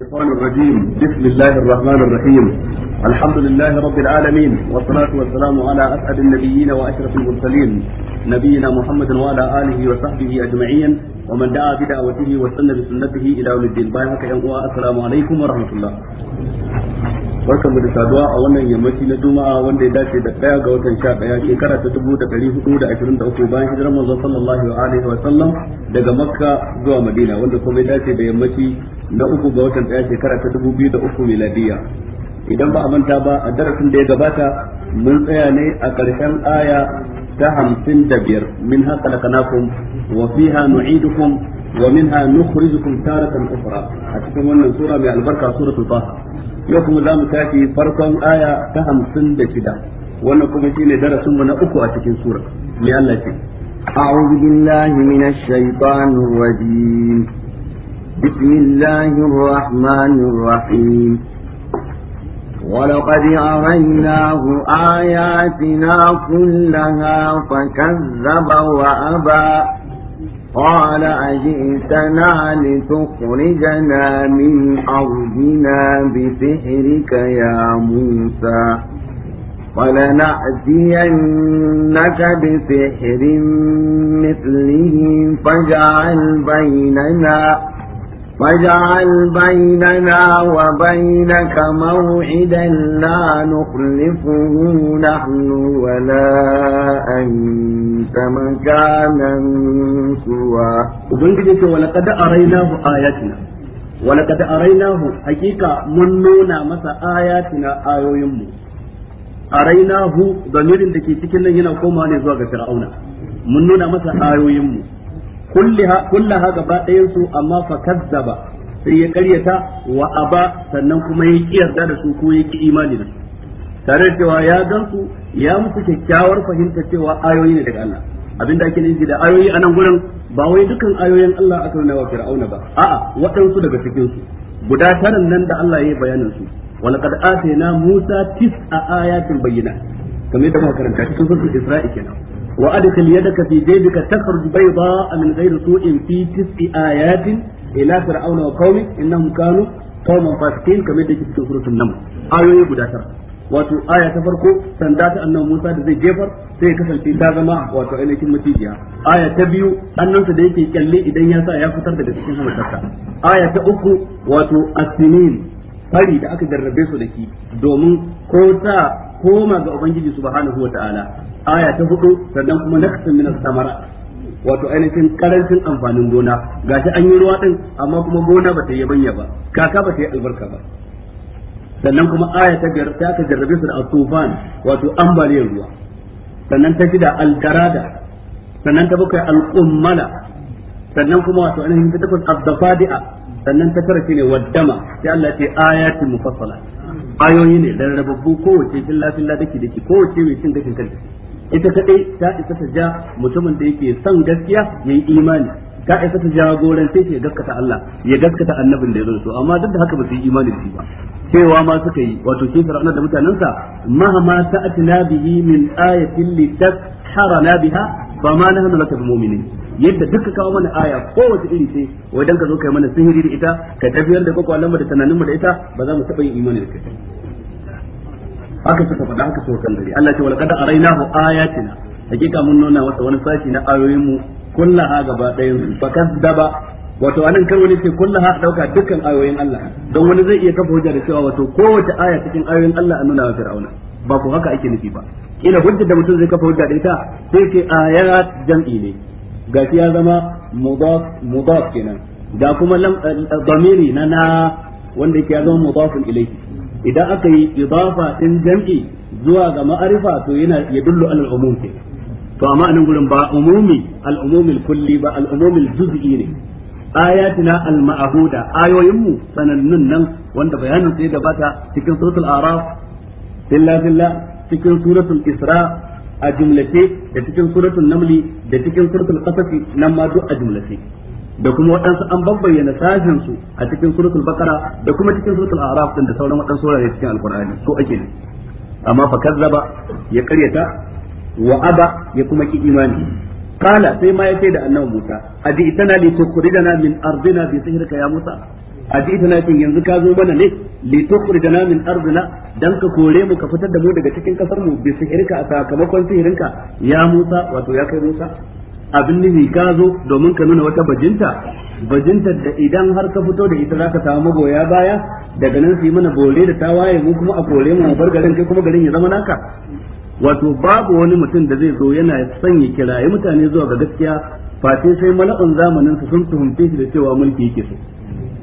الشيطان الرجيم بسم الله الرحمن الرحيم الحمد لله رب العالمين والصلاة والسلام على أسعد النبيين وأشرف المرسلين نبينا محمد وعلى آله وصحبه أجمعين ومن دعا بدعوته وسن بسنته إلى يوم الدين بايعك السلام عليكم ورحمة الله barkan mu da saduwa a wannan yammaci na juma'a wanda ya dace da daya ga watan sha daya shekara ta dubu da dari hudu da ashirin da uku bayan hijirar manzo sallallahu alaihi wa sallam daga makka zuwa madina wanda kuma ya dace da yammaci na uku ga watan daya shekara ta dubu biyu da uku miladiya idan ba a manta ba a darasin da ya gabata mun tsaya ne a ƙarshen aya hamsin da biyar min haka lakanakun wa fiha nu'idukum wa minha nukhrijukum taratan ukhra a cikin wannan sura mai albarka suratul taha yau kuma zamu tafi farkon aya ta hamsin da shida wannan kuma darasin mu na uku a cikin sura mai أعوذ بالله من الشيطان الرجيم بسم الله الرحمن الرحيم ولقد أريناه آياتنا كلها فكذب وأبى قال أجئتنا لتخرجنا من أرضنا بسحرك يا موسى ولنأتينك بسحر مثله فاجعل بيننا فاجعل بيننا وبينك موعدا لا نخلفه نحن ولا أنت مكانا سوى وبنجدك ولقد أريناه آياتنا ولقد أريناه حقيقة منونا مسا آياتنا آيو يمو أريناه ضمير لكي تكلنا هنا وكما نزوى فرعون منونا مسا آيو يمو kullaha kullaha gaba ɗayan su amma fa kazzaba sai ya karyata wa aba sannan kuma ya kiyarda yarda da su ko ya ki imani da tare da cewa ya gansu ya musu kyakkyawar fahimta cewa ayoyi ne daga Allah abinda ake nufi da ayoyi a nan gurin ba wai dukan ayoyin Allah aka nuna wa Fir'auna ba a'a waɗansu daga cikin su guda taran nan da Allah ya yi bayanin su wa laqad atayna Musa tis'a ayatin bayyina kamar yadda muka karanta cikin sura Isra'i kenan وأدخل يدك في جيبك تخرج بيضاء من غير سوء في تسع آيات إلى فرعون وقومه إنهم كانوا قوما فاسقين كما يدك في سورة النمل آية بداتر wato aya ta farko sanda ta annabi Musa da zai jefar sai kasance ta zama wato ainihin mutijiya aya ta biyu annansa da yake kyalle idan ya sa ya fitar daga cikin hamatarsa aya ta uku wato asinin fari da aka jarrabe su da ki domin ko ta koma ga ubangiji subhanahu wataala aya ta hudu sannan kuma naqsan min samara wato ainihin karancin amfanin gona gashi an yi ruwa din amma kuma gona ba ta yi banya ba kaka ba ta yi albarka ba sannan kuma aya ta biyar ta aka jarrabe su da atufan wato ambaliyar ruwa sannan ta shida algarada sannan ta bakwai al alqummala sannan kuma wato ainihin ta takwas abdafadi'a sannan ta tara shine waddama sai Allah ya ce ayatin mufassala ayoyi ne dan rababbu kowace filla filla dake dake kowace mai cin gashin kanta ita kadai ta isa ta ja mutumin da yake son gaskiya yayi imani ta isa ta jagorance shi ya gaskata Allah ya gaskata annabin da ya zo amma duk da haka ba su yi imani da shi ba cewa ma suka yi wato shi fir'auna da mutanensa mahama ta'atina bihi min ayatin litasharana biha fa ma nahnu laka muminin. yadda duka kawo mana aya kowace iri ce wajen ka zo kai mana sihiri da ita ka tafiyar da kwakwalan mu da tunanin mu da ita ba za mu taɓa yin imani da kai haka suka faɗa haka suka kan dare Allah ce wala qad arainahu ayatina hakika mun nuna wata wani sashi na ayoyin mu kullaha gaba ɗayan su daba. wato anan kar wani ce kullu ha dauka dukkan ayoyin Allah don wani zai iya kafa hujja da cewa wato kowace aya cikin ayoyin Allah an nuna wa fir'auna ba ko haka ake nufi ba kila hujja da mutum zai kafa hujja da ita sai ke ayat jam'i ne gashi ya zama mudaf mudaf kenan da kuma eh, eh, damiri na na wanda yake ya zama mudafun ilayhi idan aka yi idafa din jam'i zuwa ga ma'arifa to yana yadullu alal umum kenan to amma anan gurin ba umumi al'umumil kulli ba al'umumil juz'i ne ayatina al-ma'huda ayoyinmu sanannun nan wanda bayanin sai gabata cikin suratul araf billa billa cikin suratul isra a jumlace da cikin suratul namli da cikin suratul qasasi nan ma duk a jumlace da kuma waɗansu an babbayyana sashen su a cikin suratul baqara da kuma cikin suratul a'raf din da sauran waɗansu surare cikin alqur'ani so ake ne amma fa kazzaba ya karyata wa aba ya kuma ki imani qala sai ma ya yace da annabi Musa aji itana li tukhrijana min ardina bi sihrika ya Musa na tin yanzu ka zo mana ne li tukhrijana min ardina dan ka kore mu ka fitar da mu daga cikin kasar mu bi sihirka a sakamakon sihirinka ya Musa wato ya kai Musa abin ne ka zo domin ka nuna wata bajinta bajinta da idan har ka fito da ita zaka ka samu magoya baya daga nan su yi mana bore da tawaye mu kuma a kore mu bar garin kai kuma garin ya zama naka wato babu wani mutum da zai zo yana ya kiraye mutane zuwa ga gaskiya Fati sai mala'un zamanin su sun tuhumce shi da cewa mulki yake so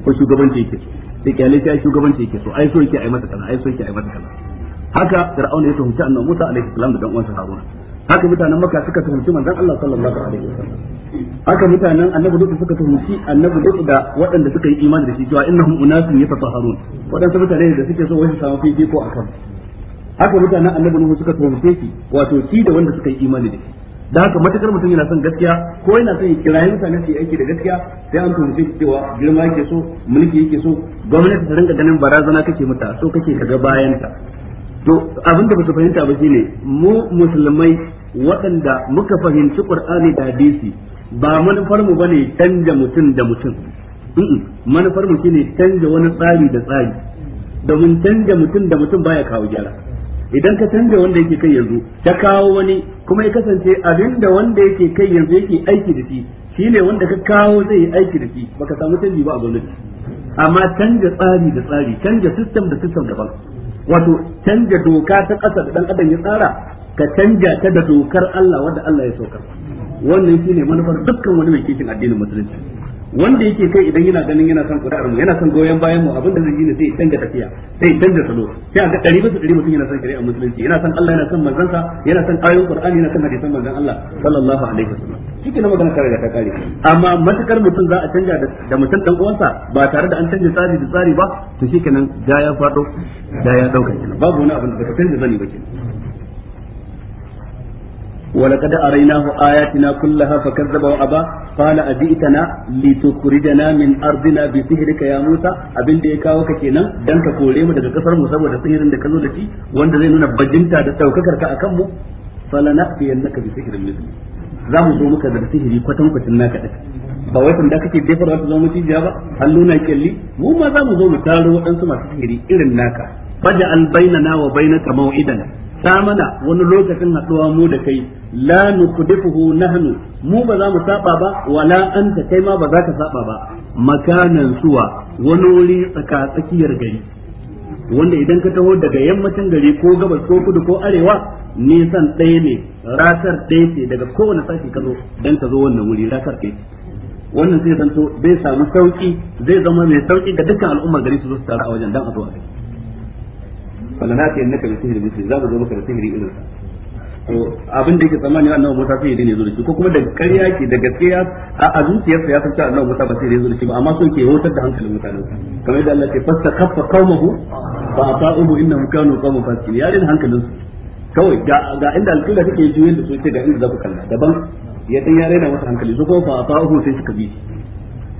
ko shugabanci yake so sai kyale ta shugabanci yake so ai so yake ai masa kaza ai so yake ai masa kaza haka fir'aun ya tuhumci annabi Musa alaihi salam da dan uwansa Haruna haka mutanen Makka suka tuhumci manzon Allah sallallahu alaihi wasallam haka mutanen annabi Lut suka tuhumci annabi Lut da waɗanda suka yi imani da shi cewa innahum unasun yatatahharun Waɗanda mutanen da suke so wai su samu fifiko akan haka mutanen annabi Nuhu suka tuhumce shi wato shi da wanda suka yi imani da shi da haka matakar mutum yana son gaskiya ko yana son ya kirayi mutane su yi aiki da gaskiya sai an tunce shi cewa girma yake so mulki yake so gwamnati ta rinka ganin barazana kake mata so kake ka ga bayan ta to abin da ba su fahimta ba shine mu musulmai waɗanda muka fahimci qur'ani da hadisi ba manufar mu bane canja mutum da mutum manufar mu shine canja wani tsari da tsari domin canja mutum da mutum baya kawo gyara idan ka canza wanda yake kai yanzu ta kawo wani kuma ya kasance abin da wanda yake kai yanzu yake aiki da shi ne wanda ka kawo zai yi aiki da shi baka samu canji ba a gwamnati amma canja tsari da tsari canja system da system daban wato canja doka ta ƙasa da dan adam ya tsara ka canja ta da dokar Allah wanda Allah ya sauka. wannan shine manufar dukkan wani mai kishin addinin musulunci wanda yake kai idan yana ganin yana son kuri'ar mu yana son goyon bayan mu abinda zai yi ne sai canza tafiya sai canza salo sai a ga ɗari bisa ɗari mutum yana son shari'ar musulunci yana son Allah yana son manzansa yana son ayoyin Qur'ani yana son hadisan manzon Allah sallallahu alaihi wasallam shike na magana kare da ta kare amma matakar mutum za a canja da mutum dan uwansa ba tare da an canja tsari da tsari ba to shikenan da ya fado da ya dauka babu wani abin da ka canja zani ba kenan ولقد أريناه آياتنا كلها فكذب وأبى قال أجئتنا لتخرجنا من أرضنا بسحرك يا موسى أبن دي كاوكا كينا دان كوري ما daga kasar Musa da sihirin da kazo da shi wanda zai nuna bajinta da saukakar ka akan mu falanafiyannaka bi sihrin misli za mu zo muka da sihiri kwatan kwatan naka da ba wai sanda kake jefar wata zo mutum ba halluna kelli mu ma za mu zo mu taro waɗansu masu sihiri irin naka faja al bainana wa bainaka mau'idana samana wani lokacin haɗuwa mu da kai la nukudifuhu nahnu mu ba za mu saba ba wala anta kai ma ba za ka saba ba makanan suwa wani wuri tsaka tsakiyar gari wanda idan ka taho daga yammacin gari ko gabas ko kudu ko arewa nisan ɗaya ne ratar ɗaya ce daga kowane sashi ka zo dan ka zo wannan wuri ratar ɗaya wannan sai zanto bai samu sauki zai zama mai sauki ga dukkan al'ummar gari su zo su a wajen dan a zo a kai falanati annaka bi sihri misli za mu zo maka da sihiri irin sa to abin da yake tsammani annabi Musa sai ya dane zo da shi ko kuma da ƙarya ke da gaskiya a azuciyar sa ya san cewa annabi Musa ba sai ya zo da shi ba amma sun ke wutar da hankalin mutane kamar yadda Allah ke fasta kaffa qaumahu fa ata'uhu innahum kanu qauman fasikin ya dane hankalin su kawai ga inda alƙila take juyin da su ce ga inda za ku kalla daban ya dan ya raina masa hankali su kuma fa ata'uhu sai suka bi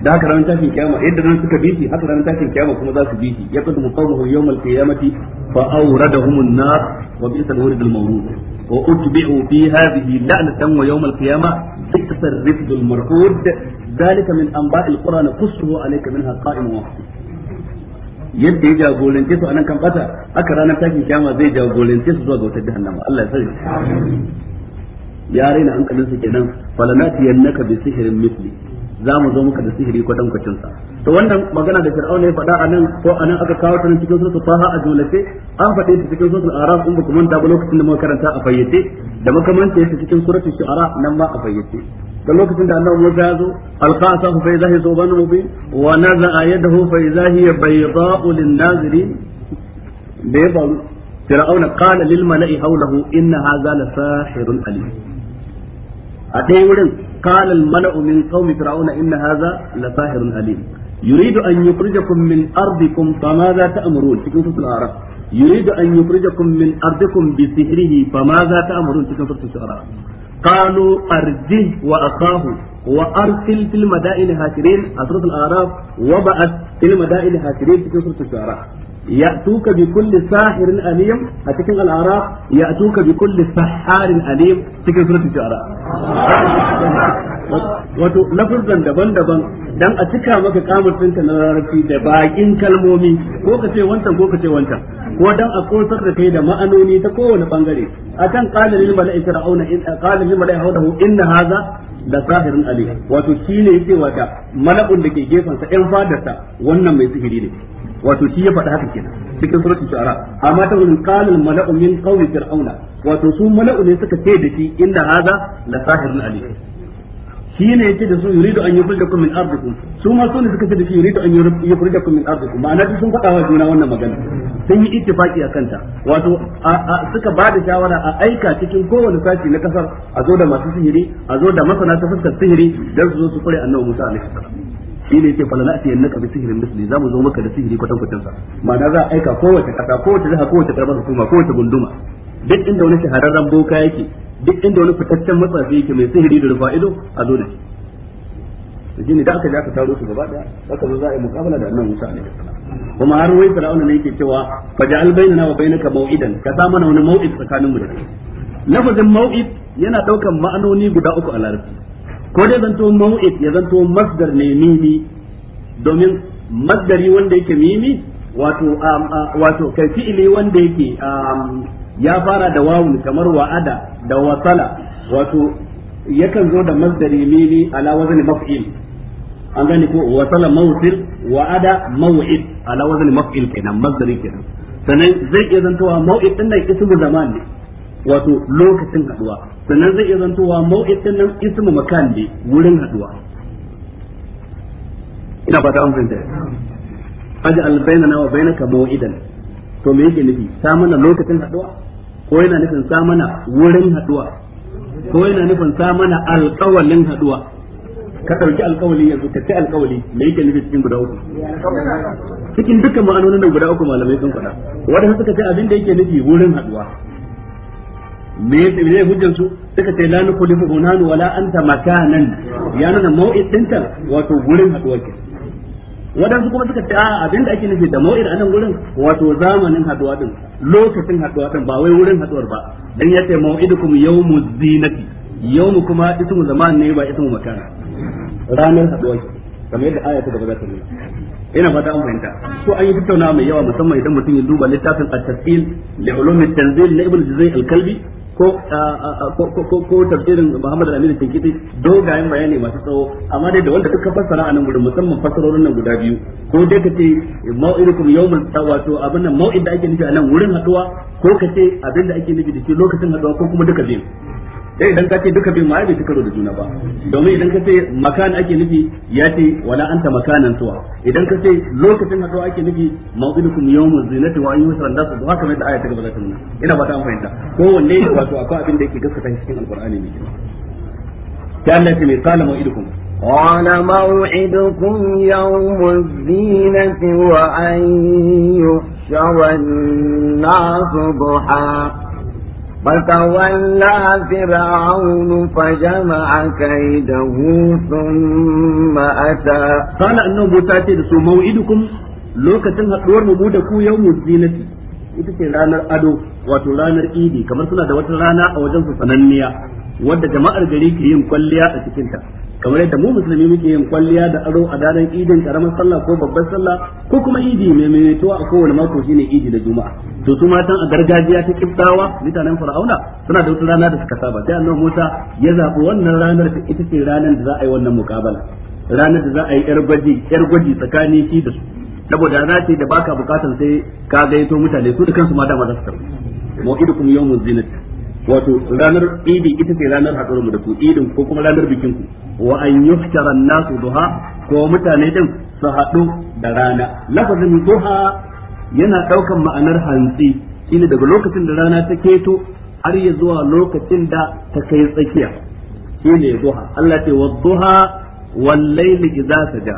da haka ranar tashin kiyama yadda nan suka bi shi haka ranar tashin kiyama kuma za su bi shi ya qadmu qawmuhu yawmal qiyamati fa awradahum an-nar wa bi'sa al-wurid al-mawrud wa utbi'u fi hadhihi la'natan wa yawmal qiyamah bi'sa ar-rifd al-marhud dhalika min anba'i al-qura naqussuhu kamin haka qa'imun wa yadda ya jagorance su anan kan fata haka ranar tashin kiyama zai jagorance su zuwa ga wutar jahannama Allah ya sani ya raina hankalinsu kenan falanati yannaka bi sihrin mithli za mu zo muka da sihiri ko dan kwacin sa to wannan magana da fir'aun ya faɗa anan ko anan aka kawo ta cikin suratul faha a jumlace an faɗe ta cikin suratul araf in baku manta ba lokacin da muka karanta a fayyace da makamanta yake cikin suratul shu'ara nan ma a fayyace da lokacin da Allah Musa ya zo alqa asahu fa idahi suban mubin wa naza'a yadahu fa idahi bayda'u lin-nazirin da ya faru fir'aun qala lil mala'i hawlahu inna hadha la sahirun alim a dai wurin qala al mala'u min qaumi fir'auna inna hadha la sahirun alim yuridu an yukhrijakum min ardikum famadha ta'murun cikin suratul bi sihrihi famadha ta'murun cikin suratul shu'ara qalu wa akahu wa arsil fil madain hasirin suratul a'raf wa ba'at ya'tuka bi kulli sahirin alim a cikin al'ara ya'tuka bi kulli saharin alim cikin suratul shu'ara wato lafazan daban-daban dan a cika maka kamar ɗinka na larabci da bakin kalmomi ko ka ce wancan ko ka ce wancan ko dan a kosar da kai da ma'anoni ta kowane bangare akan qala lil mala'i fir'auna in qala lil mala'i hawdahu inna hadha da sahirin ali wato shine yake wata mala'un da ke gefansa ɗan fadarsa wannan mai sihiri ne wato shi ya faɗa haka kenan cikin suratul shu'ara amma ta wurin qalil mala'u min qawmi fir'auna wato su mala'u ne suka ce da shi inna hadha la sahirun alim shi ne yace da su yuridu an yukhrijakum min ardikum su ma su ne suka ce da shi yuridu an yukhrijakum min ardikum ma'ana duk sun faɗa wa juna wannan magana sun yi ittifaki a kanta wato suka ba da shawara a aika cikin kowane sashi na kasar a zo da masu sihiri a zo da masana ta fuskar sihiri dan su zo su kure annabi Musa alaihi salam shi ne yake falana ta yanna ka bi sihirin misli za mu zo maka da sihiri kwatan kwatan sa ma'ana za a aika kowace kasa kowace jiha kowace karamar hukuma kowace gunduma duk inda wani shahararren boka yake duk inda wani fitaccen matsafi yake mai sihiri da rufa ido a zo da shi shi ne da aka ji aka taro su gaba daya aka zo za a yi mukabala da annabi Musa alaihi kuma har wai fir'auna ne yake cewa faja'al bainana wa bainaka maw'idan ka sa mana wani maw'id tsakanin mu da kai lafazin maw'id yana daukan ma'anoni guda uku a larabci ko dai zanto mau'id ya zanto masdar ne mimi domin masdari wanda yake mimi wato um, uh, wato kai fi'ili wanda yake um, ya fara da wawu kamar wa'ada da wasala wato yakan zo da masdari mimi ala wazni maf'il an gani ko wasala mawsil wa'ada maw'id ala wazni maf'il kenan masdari kenan sannan zai iya zantowa maw'id din nan ismu zaman ne wato lokacin haduwa sannan zai iya zantowa mau'id din nan ismu makan ne wurin haduwa ina fata an fahimta aja na wa bainaka mau'idan to me yake nufi sa mana lokacin haduwa ko yana nufin sa mana wurin haduwa ko yana nufin sa mana alƙawalin haduwa ka ɗauki alƙawali yanzu ka ci alƙawali me yake nufi cikin guda uku cikin dukkan ma'anonin guda uku malamai sun faɗa wanda suka ce abin da yake nufi wurin haduwa me ne hujjar su suka ce la lifu hunanu wala anta makanan ya nuna mau'id dinta wato gurin haduwa ke wadansu kuma suka ce a abin da ake nufi da mau'id anan gurin wato zamanin haduwa din lokacin haduwa din ba wai wurin haduwar ba dan yace mau'idukum yawmuz zinati yawmu kuma ismu zaman ne ba ismu makana ranar haduwa kamar yadda aya ta gaba za ta nuna ina fata an fahimta ko an yi tattaunawa mai yawa musamman idan mutum ya duba littafin at-tasil li ulumi at-tanzil na ibn juzay al-kalbi ko ko tafsirin Muhammad Al-Amin Tinkiti dogayen bayani masu tsawo amma dai da wanda duka fassara a nan gurin musamman fassarorin nan guda biyu ko dai kace mau'idukum yawman wato abin nan mau'id da ake nufi a nan wurin haduwa ko kace abin da ake nufi da shi lokacin haduwa ko kuma duka biyu sai idan ka ce duka bin ma ta karo da juna ba domin idan ka ce makan ake nufi ya ce wala anta makanan tuwa idan ka ce lokacin haɗuwa ake nufi mawqidukum yawmul zinati wa ayyuhu sandasu ba haka mai da aya ta gaba ta nuna ina ba ta an fahimta ko wanne wato akwai abin da yake gaskata cikin alqur'ani ne ta Allah ce mai qala mawqidukum قال موعدكم يوم الزينة وأن يحشر الناس ضحى فتولى فرعون فجمع كيده ثم أتى قال أنه بوتاتي لسو موعدكم لو كتن هتور مبودكو يوم الزينة ita ce ranar ado wato ranar idi kamar suna da wata rana a wajen su sananniya wadda jama'ar gari ke yin kwalliya a cikinta kamar yadda mu musulmi muke yin kwalliya da aro a daren idin karamar sallah ko babbar sallah ko kuma idi mai tuwa a kowane mako shine idi da juma'a to su matan a gargajiya ta kiftawa mutanen fir'auna suna da wata rana da suka saba sai annabi Musa ya zabo wannan ranar da ita ce ranar da za a yi wannan mukabala ranar da za a yi yar gwaji yar gwaji tsakanin shi da su saboda rana ce da baka bukatar sai ka gaito mutane su da kansu ma dama za su karbi zinati wato ranar idi ita ce ranar haɗuwar mu da ku idin ko kuma ranar bikin ku wa an yuhshara nasu duha ko mutane din su haɗu da rana lafazin duha yana ɗaukan ma'anar hantsi shine daga lokacin da rana ta keto har ya zuwa lokacin da ta kai tsakiya shine duha Allah ce wa duha wal layli idza saja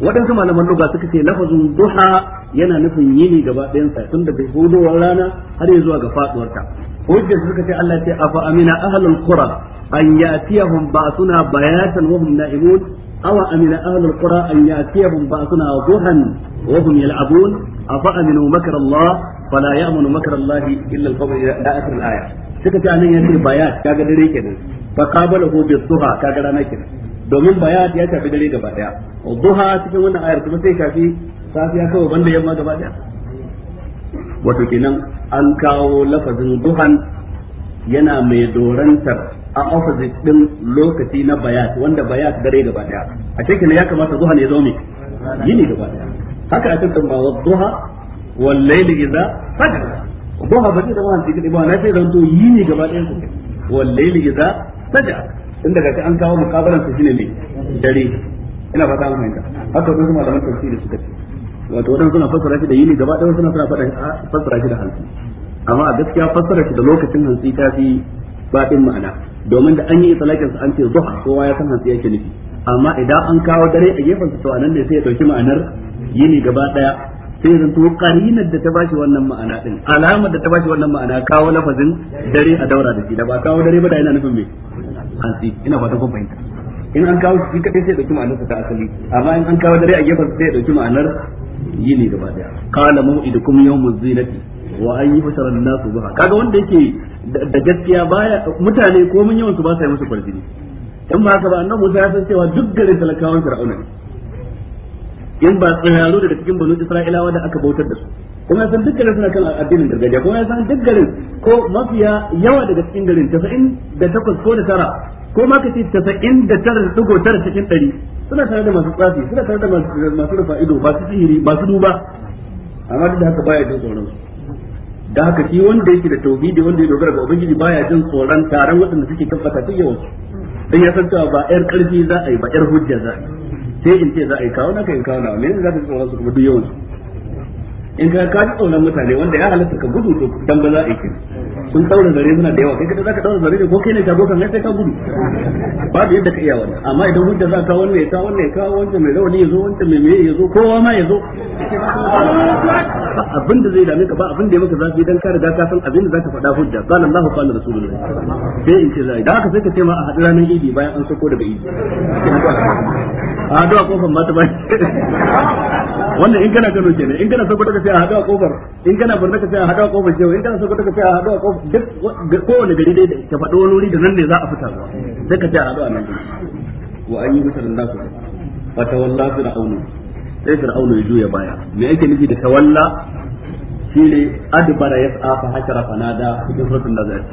waɗansu malaman lugha suka ce lafazin duha yana nufin yini gaba ɗayan sa tun daga hudowar rana har ya zuwa ga faduwarta hujja suka ce Allah ce afa amina ahlul qura an yatiyahum ba'suna bayatan wa hum na'imun aw amina ahlul qura an yatiyahum ba'suna duhan wa hum yal'abun afa aminu makra Allah fala ya'manu makra Allah illa al-qawm ila akhir al-aya suka ce anan yace bayat kaga dare kenan fa qabalahu bi duha kaga rana kenan domin bayat ya tafi dare gaba daya duha cikin wannan ayar kuma sai kafi safiya kawai banda yamma gaba daya wato kenan an kawo lafazin duhan yana mai dorantar a opposite din lokaci na bayat wanda bayat dare gaba daya a cikin ne ya kamata duhan ya zo yini gaba daya haka a cikin ba wa duha wal layli idza fajr duha ba da wannan cikin ba na sai zanto yini gaba daya ku wal layli idza fajr tun daga an kawo mukabaran su shine ne dare ina fata mun fahimta haka kuma malaman tafsiri suka ce wato wadansu suna fassara shi da yini gaba ɗaya suna suna fassara shi da hantsi amma a gaskiya fassara shi da lokacin hantsi ta fi baɗin ma'ana domin da an yi talakin sa an ce zuwa kowa ya san hantsi yake nufi amma idan an kawo dare a gefen sa to anan ne sai ya dauki ma'anar yini gaba ɗaya sai zan to karinar da ta bashi wannan ma'ana din alamar da ta bashi wannan ma'ana kawo lafazin dare a daura da shi da ba kawo dare ba da yana nufin me Hansi ina fatan kun fahimta in an kawo shi kadai sai dauki ma'anar ta asali amma in an kawo dare a gefen sai dauki ma'anar yini gaba daya qala maw'idukum yawmuz zinati wa an yushara an-nasu biha kaga wanda yake da gaskiya baya mutane ko mun yawan su ba sa yi musu kwarjini in ba ka ba annabi Musa ya san cewa duk gare talakawan Fir'auna in ba tsiraro daga cikin banu Isra'ilawa da aka bautar da su kuma san duk garin suna kan addinin gargajiya kuma san duk garin ko mafiya yawa daga cikin garin 98 ko da tara ko ma kace ta cikin ɗari suna tare da masu tsafi suna tare da masu rufa ido masu sihiri masu duba amma duk da haka baya jin tsoron su da haka shi wanda yake da tauhidi wanda ya dogara ga ubangiji baya jin tsoron taron waɗanda suke kan fatatun yawan su dan ya san cewa ba yar karfi za a yi ba yar hujja za a yi sai in ce za a yi kawo naka in kawo na me yanzu za ka tsoron su kuma duk yawan su in ka ka ji tsoron mutane wanda ya halatta ka gudu to dan ba za a yi kin sun daura zare suna da yawa kai kada zaka daura zare ne ko kai ne shago kan sai ka gudu ba da yadda ka iya wannan amma idan hujja za ka wannan ya ka wannan ya ka wanda mai rawani ya zo wanda mai meye ya zo kowa ma ya zo abin da zai dame ka ba abin da ya maka zafi dan ka riga ka san abin da zaka faɗa hujja qala Allahu qala rasulullahi sai in ce zai da haka sai ka ce ma a haɗu nan idi bayan an sako daga idi a addu'a kofar mata ba wanda in kana Kano kenan in kana Sokoto ka sai a hadu a kofar in kana burna ka sai a hadu a kofar Shehu in kana Sokoto ka sai a hadu a kofar duk kowane gari dai ka faɗo wani wuri da nan ne za a fita zuwa sai ka sai a hadu a nan wa an yi musu da nasu fa tawalla fir'aunu sai fir'aunu ya juya baya me yake nufi da tawalla shine adbara sa fa fa nada cikin suratul naziat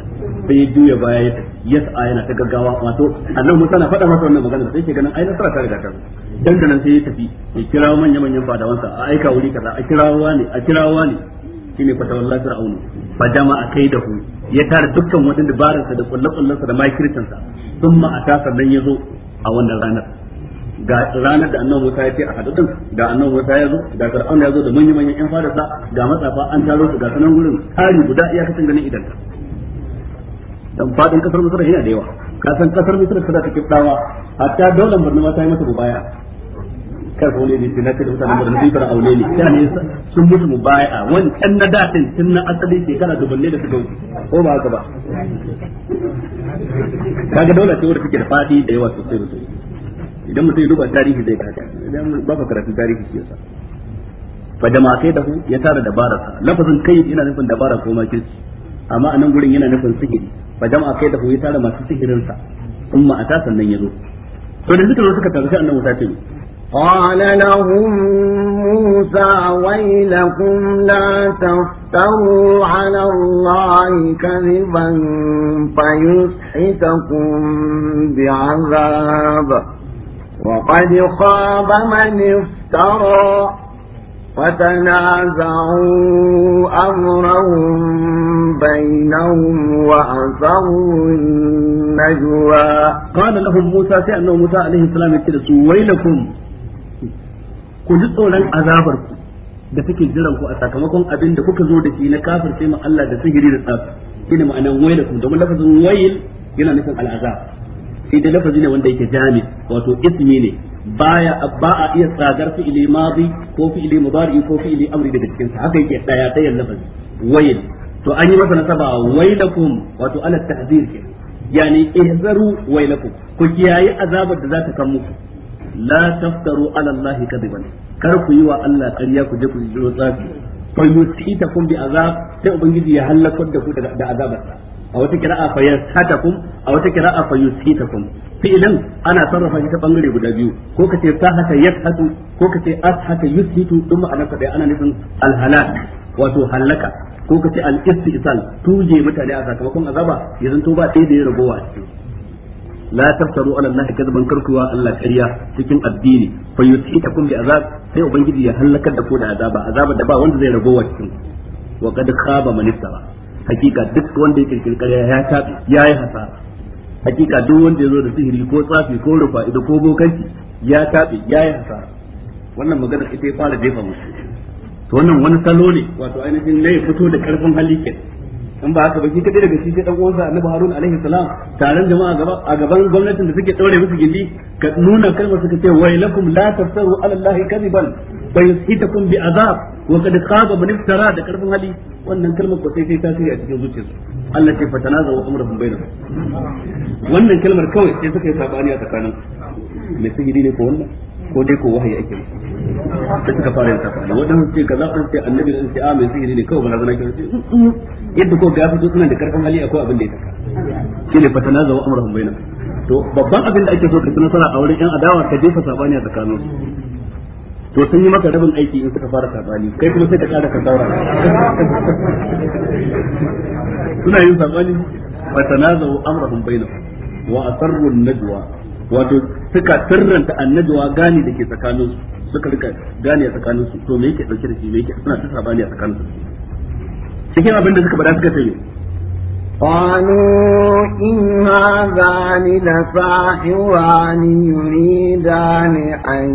bai juya baya ya sa yana ta gaggawa wato annabi Musa na faɗa masa wannan magana sai ke ganin ai nasara ta riga ta dan nan sai ya tafi ya kirawo manyan manyan fadawansa a aika wuri kaza a kirawo ne a kirawo ne shine fa tawallahi fir'aun fa jama'a kaidahu ya tara dukkan wadanda sa da kullakullansa da makirtansa thumma ata sannan yazo a wannan ranar ga ranar da annabi Musa ya ce a hadadin da ga annabi Musa ya zo da Fir'aun ya zo da manyan manyan yan fadarsa ga matsafa an taro su ga sanan gurin tsari guda iya kasan ganin idan ka dan fadin kasar Misra yana da yawa ka san kasar Misra kada ta dawa hatta daular Borno ma ta yi masa mubaya kar ko ne ne sai na ce da mutanen aure ne ya ne sun mutu baya wancan na datin tun na asali kana dubanne da suka wuce ko ba haka ba kaga dole ce wadda take da fadi da yawa sosai sosai idan mutum ya duba tarihi zai kaka idan ba ka karatu tarihi shi yasa fa jama'a kai da hu ya tara dabararsa lafazin kai yana nufin dabara ko kirki amma a nan gurin yana nufin sihiri fa jama'a kai da hu ya tara masu sihirinsa kuma a ta sannan ya zo to da suka zo suka taru sai annabi ta ce قال لهم موسى ويلكم لا تفتروا على الله كذبا فيسحتكم بعذاب وقد خاب من افترى فتنازعوا أمرهم بينهم وأسروا النجوى قال لهم موسى سألنا موسى عليه السلام يتلسوا ويلكم كل صولا أذابركم da take jiran ku a sakamakon abin da kuka zo da shi na kafir sai ma Allah da sihiri da tsafi ina ma'anan wailakum domin lafazin wail yana nufin al'azab shi da lafazi ne wanda yake jami wato ismi ne baya ba a iya tsagar fi'ili madi ko fi'ili mudari ko fi'ili amri daga cikin sa haka yake daya dayan lafazi wayl to an yi masa nasaba waylakum wato ala tahzir ke yani ihzaru waylakum ku kiyaye azabar da za ta kan muku la taftaru ala allahi kadiban kar ku yi wa Allah ƙarya ku je ku ji tsafi fa bi azab sai ubangiji ya halakar da ku da azabarsa a wata kira'a fa yashatakum a wata kira'a fa yushitakum fi'lan ana sarrafa shi ta bangare guda biyu ko ka ce kace sahata yashatu ko ka ce haka yusitu. yushitu duk ma'anar da ana nufin alhalak wato halaka ko ka ce al-istisal tuje mutane a sakamakon azaba ya zanto ba ɗaya da ya ragowa a la taftaru ala allahi kadban karkuwa Allah kariya cikin addini fa yusitakum bi azab sai ubangiji ya halakar da ku da azaba azaba da ba wanda zai ragowa cikin wa kad khaba man istara hakika duk wanda ya kirkiri ƙarya ya tabe ya yi hasara hakika duk wanda ya zo da sihiri ko tsafi ko rufa ido ko bokanci ya tabe ya yi hasara wannan magana ita ya fara jefa musu to wannan wani salo ne wato ainihin ne ya fito da karfin hali kenan in ba haka ba shi kadai daga shi sai dan uwansa annabi harun alaihi salam taron jama'a gaba a gaban gwamnatin da suke daure musu gindi ka nuna kalmar suka ce wa lakum la tafsiru ala allahi kadiban wa yusitakum bi azab wa kad khaba man iftara da karfin hali wannan kalmar ko sai sai ta a cikin zuciyarsu Allah ce fatanaza wa amrahum bainahum wannan kalmar kawai sai suka yi sabani a tsakanin mai sihiri ne ko wannan ko dai ko wahayi ake musu da suka fara yin tafsiri wadannan ce kaza an ce annabi sun ce amin mai sihiri ne kawai barazana ke musu yadda ko ga fito suna da karfin hali akwai abin da ya taka ne fatana zawa amrahum bainah to babban abin da ake so ka tuna sana a wurin yan adawa ka jefa sabani a tsakanin to sun yi maka rabin aiki in suka fara sabani kai kuma sai ka kada ka daura suna yin sabani fatana zawa amrahum bainah wa asarru najwa wato suka tarranta annajawa gane da ke tsakanin su suka rika gane a tsakanin su to me yake dauke da shi me yake suna ta sabani a tsakanin su cikin abin da suka bada suka tayi qalu in hadha ni la sahiwani yuridani an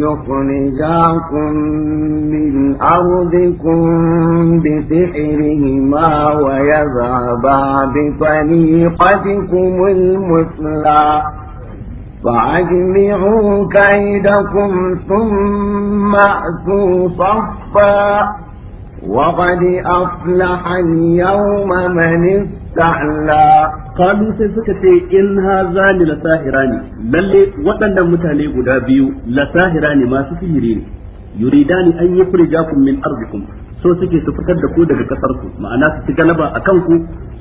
yukhrijakum min ardikum bi sihrihi ma wa yazaba bi tariqatikum al-musla' فأجمعوا كيدكم ثم أتوا صفا وقد أفلح اليوم من استعلى قالوا سيسكتي إن هذان لساهران للي وطن متهلي قدابيو لساهران ما سفيرين يريدان أن yi من أرضكم arzikum so suke su fitar da ku daga kasar ku ma'ana su ci galaba a kanku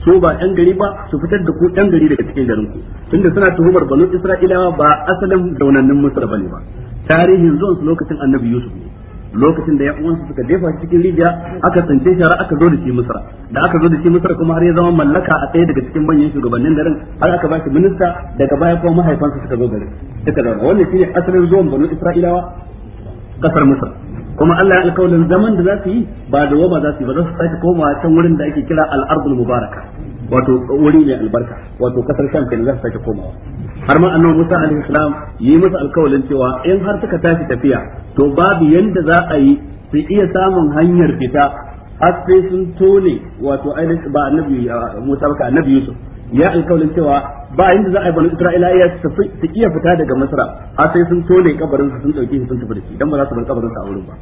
Su ba ɗan gari ba su fitar da ku ɗan gari daga cikin garin ku tunda suna tuhumar banu isra'ilawa ba asalin daunannin misra bane ba tarihin zuwan su lokacin annabi yusuf ne lokacin da yan su suka jefa cikin rijiya aka tsince shi aka zo da shi misra da aka zo da shi misra kuma har ya zama mallaka a tsaye daga cikin manyan shugabannin garin har aka ba shi minista daga baya kuma mahaifansa suka zo garin suka zo wannan shine asalin zuwan banu isra'ilawa kasar misra kuma Allah ya alƙawarin zaman da za su yi ba da wama za su yi ba za su sake komawa can wurin da ake kira al mubaraka wato wuri mai albarka wato kasar sham kenan za su sake komawa har ma annabi Musa alaihi salam yi masa alƙawarin cewa in har suka tashi tafiya to babu yanda za a yi su iya samun hanyar fita har sai sun tone wato ainihin ba annabi Musa ba annabi Yusuf ya alƙawarin cewa ba inda za a yi banu isra'ilawa su iya fita daga Masra har sai sun tone kabarin su sun dauke sun tafi da shi dan ba za su bar kabarin su a wurin ba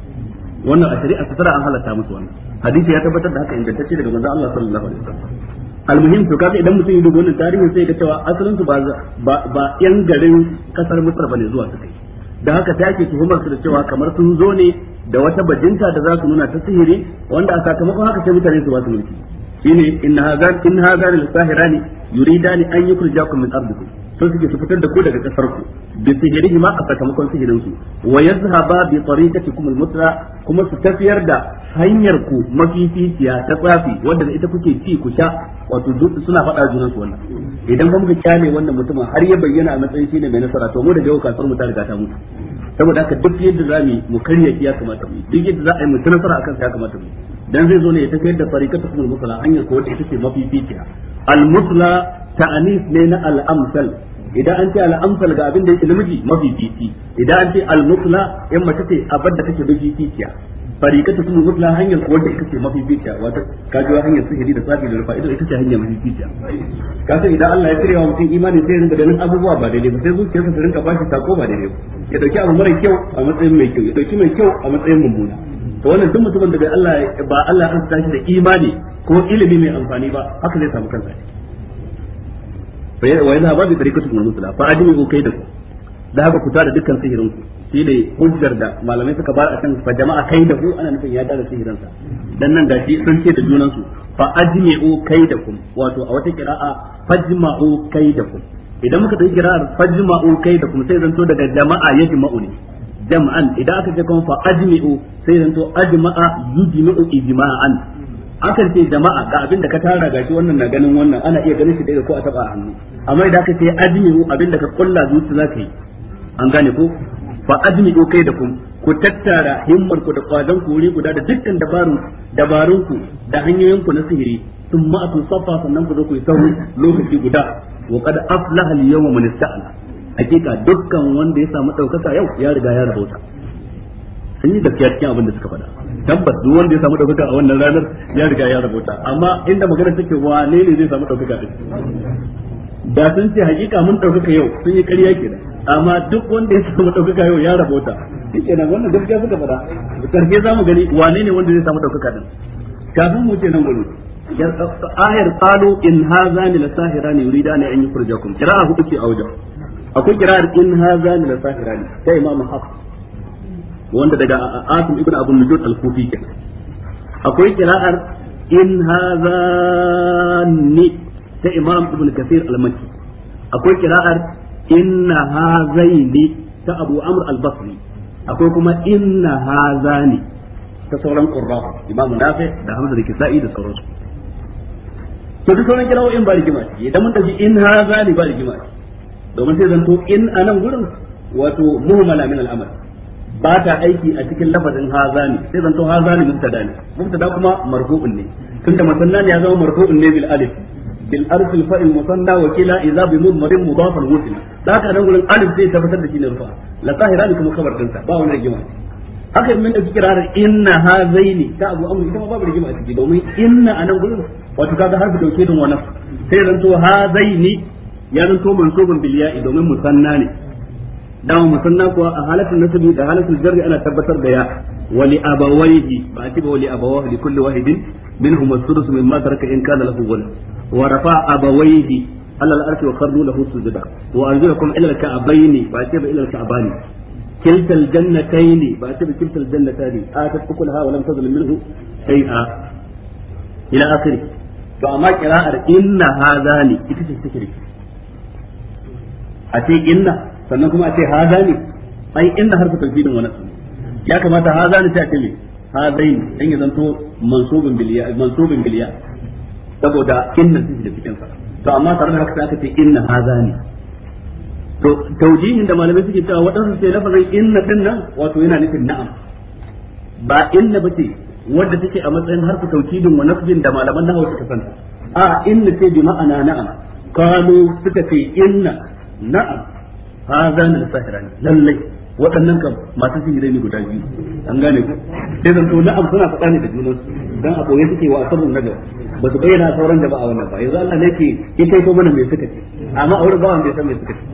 wannan a shari'a ta tara an halatta musu wannan hadisi ya tabbatar da haka ingantacce daga manzo Allah sallallahu alaihi wasallam almuhim to kaga idan mutum ya dubo wannan tarihi sai ga cewa asalin su ba ba yan garin kasar misra bane zuwa su kai da haka ta ake tuhumar su da cewa kamar sun zo ne da wata bajinta da za su nuna ta sihiri wanda a sakamakon haka sai mutane su ba su mulki shine in hadan in hadan al-sahirani yuridani an yukhrijakum min ardikum sun suke su fitar da ku daga kasar ku bi sihirihi ma a sakamakon sihirin su wa yazhaba bi tariqatikum al-mutra kuma su tafiyar da hanyar ku mafificiya ta tsafi wanda ita kuke ci ku sha wato suna faɗa junan su wannan idan ba muka kyale wannan mutumin har ya bayyana a matsayin shine mai nasara to mu da jawo kasar mu ta riga ta mutu saboda haka duk yadda za mu mu karya ya kamata mu duk yadda za a yi mu nasara akan sa ya kamata mu dan zai zo ne ya tafiyar da tariqatu kumul musala hanyar ko ita ce mafificiya al musla ta'anis ne na al amsal idan an ce al amsal ga abin da yake namiji mafifici idan an ce al musla in mace ce abin da take mafificiya tariqatu kumul musla hanyar ko ita ce mafificiya wato kajiwa hanyar sihiri da tsafi da rufa ita ce hanyar ka kasan idan Allah ya kire wa mutum imani sai rinka ganin abubuwa ba daidai ba sai zuciyarsa ta rinka bashi sako ba daidai ba ya dauki abu mara kyau a matsayin mai kyau ya dauki mai kyau a matsayin mummuna to wannan duk mutumin da Allah ba Allah ya tashi da imani ko ilimi mai amfani ba haka zai samu kansa fa wa yana ba bi mun musula fa ajmi ku kai da ku da haka ku da dukkan sihirin ku shi ne hujjar da malamai suka bar akan fa jama'a kai da ku ana nufin ya da sihirin sa dan nan gashi sun ce da junan su fa ku kai da ku wato a wata qira'a fajma'u ku idan muka dauki qira'ar fajma'u ku sai zanto daga jama'a yajma'u ne jam'an idan aka ce kuma fa ajmi'u sai dan to ajma'a yujmi'u ijma'an akan ce jama'a ga abin da ka tara gashi wannan na ganin wannan ana iya ganin shi daga ko a taba hannu amma idan aka ce ajmi'u abin da ka kulla zuci zaka yi an gane ko fa ajmi'u kai da kun ku tattara himmar ku da kwadan ku wuri guda da dukkan dabarun dabarun ku da hanyoyin ku na sihiri sun atu safa sannan ku zo ku yi sauri lokaci guda wa qad aflaha al-yawma man ista'ala hakika dukkan wanda ya samu daukaka yau ya riga ya ta sun yi gaskiya cikin abin da suka faɗa tabbas duk wanda ya samu daukaka a wannan ranar ya riga ya rabo ta amma inda magana take wane ne zai samu daukaka din da sun ce hakika mun daukaka yau sun yi ƙarya kenan amma duk wanda ya samu daukaka yau ya rabo ta rabauta nan wannan gaskiya suka faɗa karfe za mu gani wane ne wanda zai samu daukaka din kafin mu ce nan gudu ayar qalu in hazani la yuridani an yukhrijakum qira'a hudu ce a wajen akwai kirar in hazani la sahirani ta imam hafs wanda daga asim ibn abun nujud al-kufi kenan akwai kirar in ni ta imam ibn kathir al maki akwai kira'ar haza ni ta abu amr al-basri akwai kuma haza ni ta sauran qurra imam nafi da hamza da kisa'i da sauransu to duk sauran in ba rigima idan mun tafi in hazani ba rigima ce domin sai zanto in a nan gurin wato muhammala min al'amal ba ta aiki a cikin lafazin hazani sai zanto hazani mubtada ne mubtada kuma marfu'un ne tunda musanna ne ya zama marfu'un ne bil alif bil arf al fa'il musanna wa kila idza bi mudmarin mudaf al muslim da ka nan gurin alif zai tabbatar da shi ne rufa la tahirani kuma khabar dinsa ba wani rigima haka min da suke ranar inna hazaini ta abu amri kuma babu rigima a ciki domin inna anan gurin wato kaga harfi dauke don wannan sai zanto hazaini ya zanto mansubun bil ya'i domin musanna ne dama musanna kuwa a halatul nasbi da halatul jarri ana tabbatar da ya Wali li abawayhi ba ci ba wali li abawahu li kulli wahidin minhum as-sudus mimma taraka in kana lahu walad wa rafa abawayhi ala al-arshi wa kharru lahu sujada wa arjulakum ila al-ka'bayn ba ci ba ila al-ka'bani كلتا الجنتين بأتب كلتا الجنتين آتت أكلها ولم تظلم منه شيئا إلى آخره فأما قراءة إن هذان إتسي تكري a ce inna sannan kuma a ce haza ne ai inna har harfu tawkidin wani ya kamata haza ne sai a ce me hazain dan ya zanto mansubun biliya mansubun biliya saboda inna su da cikin sa to amma tare da haka sai aka ce inna haza ne to taujihin da malamai suke cewa waɗansu sai lafazin inna din nan wato yana nufin na'am ba inna bace wadda take a matsayin harfu tawkidin wa nasbin da malaman nahwu suka san. a inna sai bi ma'ana na'am kanu suka ce inna na'am hadha min sahirani lallai waɗannan kan masu sihirai ne guda biyu an gane ku sai zan na abu suna faɗa ne da junan dan a koyi suke wa asabun nagar ba su bayyana sauran da ba a wannan ba yanzu Allah ne ke ya kai ko mana mai suka ce amma a wurin bawan bai san mai suka ce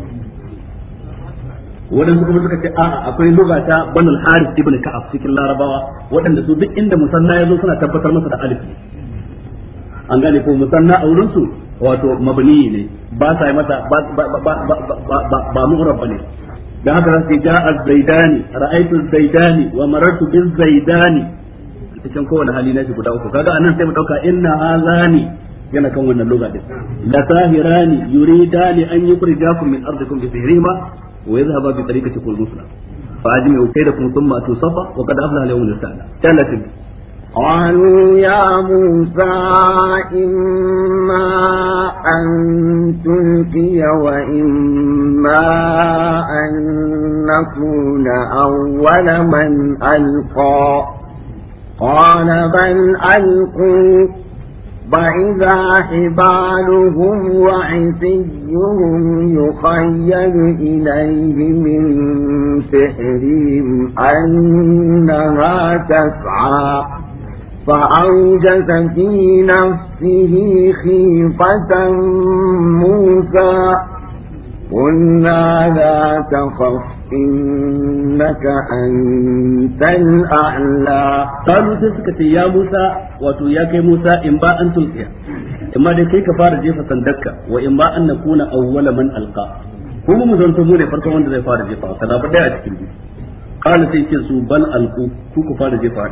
waɗansu kuma suka ce a'a akwai lugha ta banul haris ibn ka'ab cikin larabawa waɗanda su duk inda musanna ya zo suna tabbatar masa da alif an gane ko musanna a wurin su wato mabni ne ba sa yi mata ba ba ba ba ba mu'rab bane dan haka sai ja az-zaidani ra'aytu az-zaidani wa marartu biz-zaidani cikin kowane hali na shi guda uku kaga anan sai mu dauka inna hazani yana kan wannan lugha din la tahirani yuridani an yukhrijakum min ardikum bi sihrima wa yadhhaba bi tariqatikum al-musla fa ajmi'u kaydakum thumma atusafa wa qad aflaha al-yawma al-sa'la قالوا يا موسى إما أن تلقي وإما أن نكون أول من ألقى قال بل ألقوا فإذا حبالهم وعصيهم يخيل إليه من سحرهم أنها تسعى فأوجس في نفسه خيفة موسى قلنا لا تخف إنك أنت الأعلى قالوا تسكت يا موسى واتو يا موسى إما أن تلقيا إما دي لكي كفار جيفة سندك وإما أن نكون أول من ألقى هم مزنتمون فرقوا من ذي فار جيفة فلا بدأت كنجي قال سيكي سو بل ألقوا كوكو فار جيفة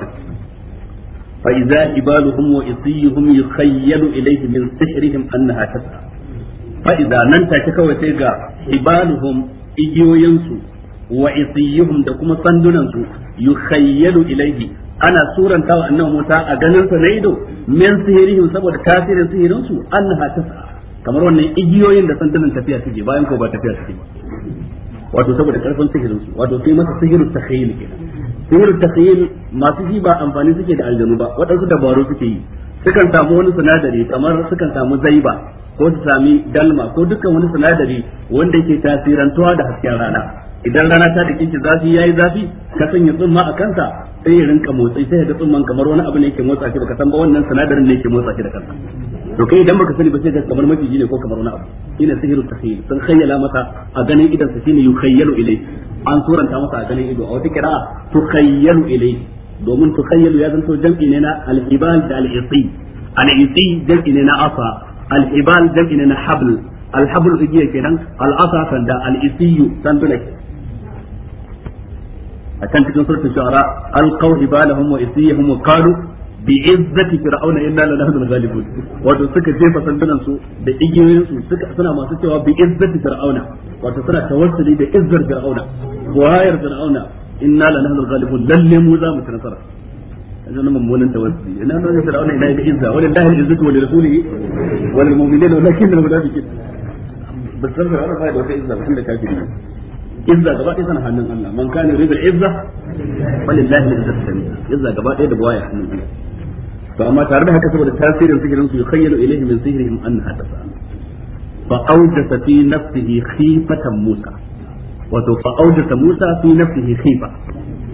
fa ibaluhum wa isiyuhum yukhayyalu ilayhi min sihrihim annaha tas'a fa idza nan take kawai sai ga ibaluhum igiyoyinsu wa isiyuhum da kuma sandunansu su yukhayyalu ilayhi ana suranta wa annabi Musa a ganin na ido min sihirihim saboda sihirin su kamar wannan igiyoyin da sandunan tafiya suke bayan ko ba tafiya suke ba wato saboda karfin sihirin su wato sai masa sihirin ta kenan sihir takhyil masu shi ba amfani suke da aljanu ba waɗansu dabaru suke yi sukan samu wani sinadari kamar sukan samu zaiba ko su sami dalma ko dukkan wani sinadari wanda ke tasirantuwa da hasken rana idan rana ta dake ki zafi yayi zafi ka sanya tsumma a kansa sai ya rinka motsi sai ga tsumman kamar wani abu ne ke motsa shi baka san ba wannan sinadarin ne ke motsa shi da kansa to kai idan baka sani ba sai ga kamar mafi ne ko kamar wani abu ina sihiru takhayil sun khayyala masa a ganin idan sa shine yukhayyalu ilai an suranta masa a ganin ido a wata kira'a tukhayyalu ilai domin tukhayyalu ya zanto jam'i ne na al-ibal da al-isi al-isi jam'i ne na al-ibal jam'i ne na habl al-habl kenan al-asa sanda al a cikin suratul shu'ara ibalahum wa isiyahum wa qalu bi izzati fir'auna inna la nahnu ghalibun wato suka jefa sandunan su da igiyoyin su suka suna masu cewa bi izzati fir'auna wato suna tawassuli da izzar fir'auna wayar fir'auna inna la nahnu ghalibun lalle mu za mu ci nasara zan mummunan tawassuli ina nan fir'auna ina da izza walillahi izzatu wa lirasulihi wa lilmu'minina walakin al-munafiqin ba san fir'auna fa da wata izza ba tunda kafiri izza gaba ɗaya tana hannun Allah man kana yuridu al-izza walillahi al-izzatu jami'a izza gaba ɗaya da buwaya hannun Allah to amma tare da haka saboda tasirin sihirin su yukhayyalu ilayhi min sihrihim an hadasa fa awjasa fi nafsihi khifatan Musa wato fa awjasa Musa fi nafsihi khifa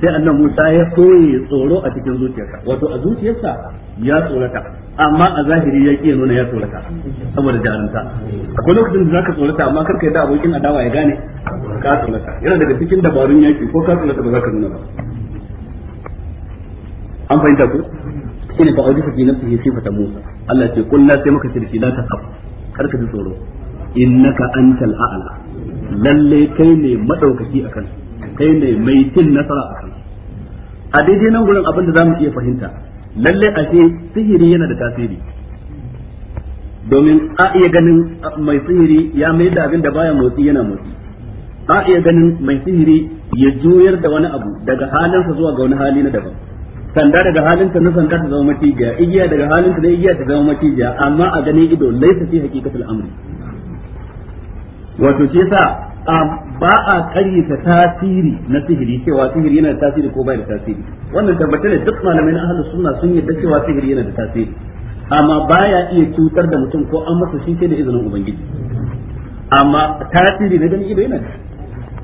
sai annabi Musa ya koyi tsoro a cikin zuciyarsa wato a zuciyarsa ya tsorata amma a zahiri ya kiyaye nuna ya tsorata saboda jarunta akwai lokacin da zaka tsorata amma karka yadda abokin adawa ya gane ka tsorata yana daga cikin dabarun yaki ko ka tsorata ba zaka nuna ba an fahimta ko shine fa aujisa fi nafsihi sifatan Musa Allah ce kullu sai muka shirki la ta kafa kar ka ji tsoro innaka antal a'la lalle kai ne madaukaki akan kai ne mai tin nasara akan a daidai nan gurin abin da zamu iya fahimta lalle ashe sihiri yana da tasiri domin a iya ganin mai sihiri ya mai da abin da baya motsi yana motsi a iya ganin mai sihiri ya juyar da wani abu daga halinsa zuwa ga wani hali na daban sanda daga halinta na sanda ta zama matijiya igiya daga halinta na igiya ta zama matijiya amma a ganin ido laisa fi haqiqatul amri wato shi yasa ba a karyata tasiri na sihiri cewa sihiri yana da tasiri ko bai da tasiri wannan tabbata ne duk malamai na ahlus sunna sun yadda cewa sihiri yana da tasiri amma baya iya cutar da mutum ko an masa shi sai da izinin ubangiji amma tasiri na ganin ido yana da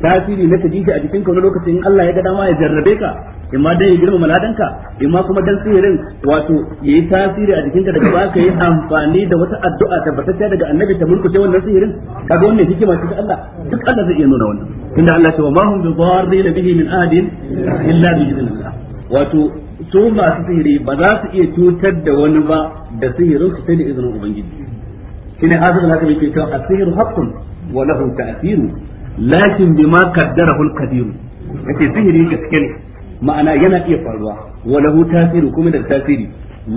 tasiri na ka ji shi a cikin ka wani lokacin in Allah ya ga dama ya jarrabe ka In ma dan ya girma maladanka ma kuma dan tsirin wato yi tasiri a jikin ka daga ba ka yi amfani da wata addu'a tabbatacciya daga annabi ta murkushe wannan tsirin kaga wannan hikima ce ta Allah duk Allah zai iya nuna wannan tunda Allah ce wa ma hum bi dharrin bihi min ahadin illa bi idnillah wato su masu sihiri ba za su iya cutar da wani ba da sihirin su sai da izinin ubangiji shine azal haka yake cewa asihiru haqqun wa lahu ta'thiru lakin bima qaddarahu al-qadir yace sihiri gaske ne ma'ana yana iya faruwa wa lahu tasiru kuma da tasiri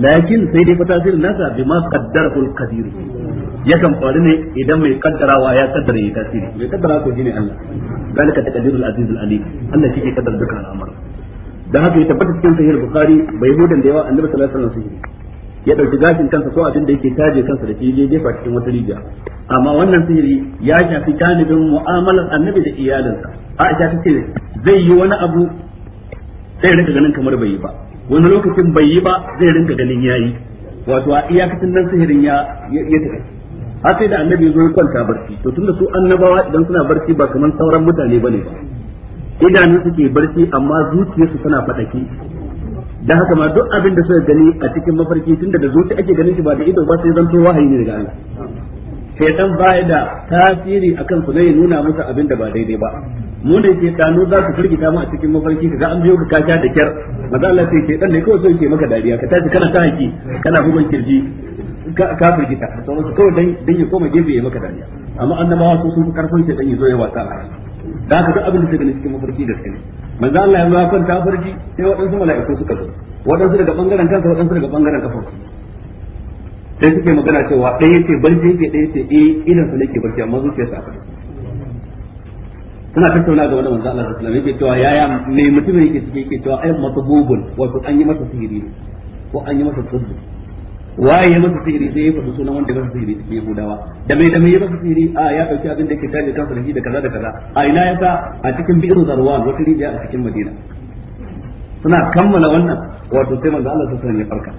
lakin sai dai fa tasirin nasa bima qaddarahu al-qadir yakan faru ne idan mai kaddarawa ya kaddara ya tasiri mai kaddara ko shine Allah zalika taqdirul aziz al-alim Allah shi ke kaddara dukkan al'amura dan haka ya tabbata cikin sahih bukhari bai hudan da yawa annabi sallallahu alaihi wasallam sihiri ya dauki gashin kansa ko abin da yake taje kansa da shi ya jefa cikin wata rijiya amma wannan sihiri ya shafi janibin mu'amalar annabi da iyalinsa Aisha ta ce zai yi wani abu zai rinka ganin kamar bai yi ba wani lokacin bai yi ba zai rinka ganin yayi wato a iyakacin nan sihirin ya ya tafi har sai da annabi zo ya kwanta barci to tunda su annabawa idan suna barci ba kamar sauran mutane bane ba idanun suke barci amma zuciyarsu tana fadaki da haka ma duk abin da suka gani a cikin mafarki tunda da zuci ake ganin shi ba da ido ba sai zanto wahayi ne daga Allah shaitan baya da tasiri akan su ne nuna musu abin da ba daidai ba mu ne ke shaitanu za su firgita mu a cikin mafarki ka ga an biyo ka kasha da kyar maza Allah sai shaitan ne kawai sai ke maka dariya ka tashi kana ta haki kana bugun kirji ka firgita to su kawai dan ya koma gefe ya maka dariya amma annabawa su sun karfin shaitan ya zo ya wasa da haka duk abin da suka gani cikin mafarki gaskiya ne manzo Allah ya zo kwanta farji sai waɗansu mala'iku suka zo waɗansu daga bangaren kansa waɗansu daga bangaren kafarsu sai suke magana cewa ɗaya ce barci yake ɗaya ce eh idan su nake barci amma zuciyarsa a farko suna tattauna ga wani manzo Allah sallallahu alaihi wasallam yake cewa yaya me mutum yake cike yake cewa ai matbubun wato an yi masa sihiri ko an yi masa tsubbu waye ya masa sihiri sai ya faɗi sunan wanda ya masa sihiri cikin Yahudawa da mai da mai ya masa sihiri a ya ɗauki abin da ke tare kansa da shi da kaza da kaza a ina ya sa a cikin bi'ru zarwan wata rijiya a cikin Madina suna kammala wannan wato sai manzo Allah sallallahu alaihi ya farka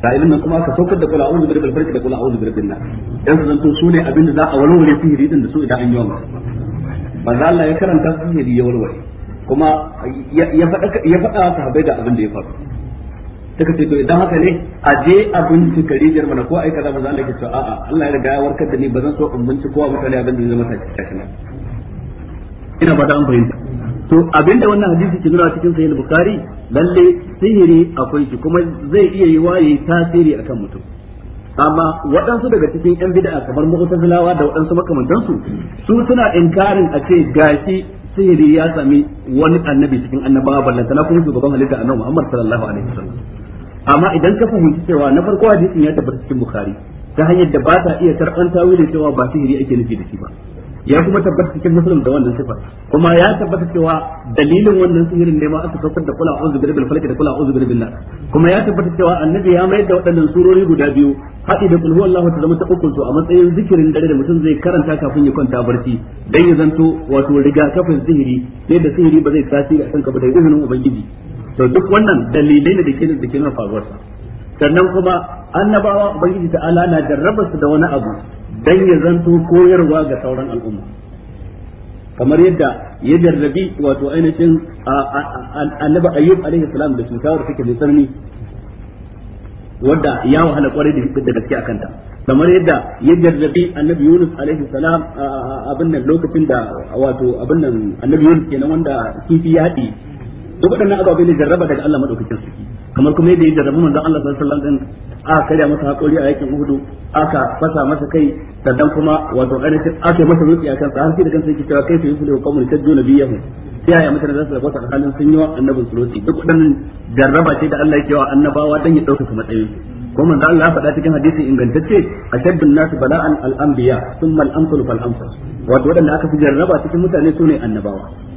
sa'ilin nan kuma aka saukar da kula a'udhu bi rabbil falaq da kula a'udhu bi rabbin nas dan su zanto su ne abin da za a walwale sihiri din da su idan an yi wa manzo Allah ya karanta sihiri ya walwale kuma ya faɗa ya faɗa sahabbai da abin da ya faru suka ce to idan haka ne a je a binci rijiyar mana ko aika kaza manzo Allah ke cewa a'a Allah ya riga ya warkar da ni ba zan so in bincika wa mutane abin da zai masa cikin ina ba da an fahimta to abinda wannan hadisi ke nuna cikin sahih bukhari lalle sihiri akwai shi kuma zai iya yi waye tasiri akan mutum amma waɗansu daga cikin yan bid'a kamar mu'tazilawa da waɗansu makamantansu su suna inkarin a ce gashi sihiri ya sami wani annabi cikin annabawa ballantana kuma shugaban halitta annabi Muhammad sallallahu alaihi wasallam amma idan ka fahimci cewa na farko hadisin ya tabbata cikin bukhari ta hanyar da ba ta iya karban tawilin cewa ba sihiri ake nufi da shi ba ya kuma tabbata cikin muslim da wannan sifar kuma ya tabbata cewa dalilin wannan sihirin ne ma aka saukar da kula uzu bil falaki da kula uzu bil nas kuma ya tabbata cewa annabi ya mayar da waɗannan surori guda biyu haɗi da kulhu Allah ta zama ta ukunto a matsayin zikirin dare da mutum zai karanta kafin ya kwanta barci dan ya zanto wato kafin sihiri ne da sihiri ba zai tasiri akan ka ba izinin ubangiji to duk wannan dalilai ne da ke da ke nuna faruwar sa sannan kuma annabawa ubangiji ala na jarraba su da wani abu dan ya zanto koyarwa ga sauran al'umma kamar yadda ya jarrabi wato ainihin annabi ayyub alaihi salam da cutar take mai sarni wadda ya wahala kwarai da da gaske a kanta kamar yadda ya jarrabi annabi yunus alaihi salam abin nan lokacin da wato abin nan annabi yunus kenan wanda kifi yaɗi. duk waɗannan ababai ne jarraba daga Allah madaukakin sarki kamar kuma yadda ya jarraba manzon Allah sallallahu alaihi wasallam din aka kare masa hakuri a yakin Uhud aka fasa masa kai sannan kuma wato ainihin aka masa ruki a kansa har sai da kansa yake cewa kai sai yusulu qawmun tadu nabiyahu sai ya mutane za su a halin sun yi wa annabin suloti duk waɗannan jarraba ce da Allah yake wa annabawa dan ya dauka matsayin ko manzo Allah ya faɗa cikin hadisi ingantacce ashaddun nasu bala'an al-anbiya thumma al-amsalu fal-amsal wato waɗanda aka fi jarraba cikin mutane sune annabawa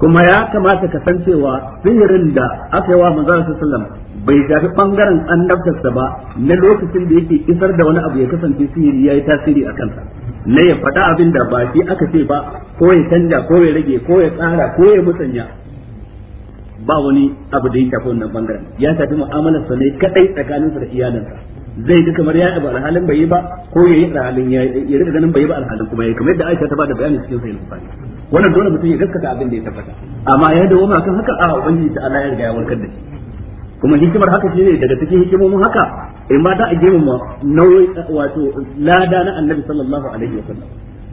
kuma ya kamata ka san cewa sihirin da aka yi wa manzon sallam bai shafi bangaren annabtarsa ba na lokacin da yake isar da wani abu ya kasance sihiri yayi tasiri a kansa na ya faɗa abin da ba shi aka ce ba ko ya canja ko ya rage ko ya tsara ko ya musanya ba wani abu da ya shafi wannan bangaren ya shafi sa ne kadai sa da iyalinsa zai ga kamar ya ba alhalin bai yi ba ko ya yi alhalin ya rika ganin bai yi ba alhalin kuma ya kamar yadda Aisha ta ba da bayani cikin sahih Bukhari wannan dole mutum ya gaskata abin da ya tabbata amma ya dawo ma kan haka a ubangiji ta Allah ya riga ya warkar da shi kuma hikimar haka shine daga cikin hikimomin haka in ma da a ma nauyi wato lada na annabi sallallahu alaihi wasallam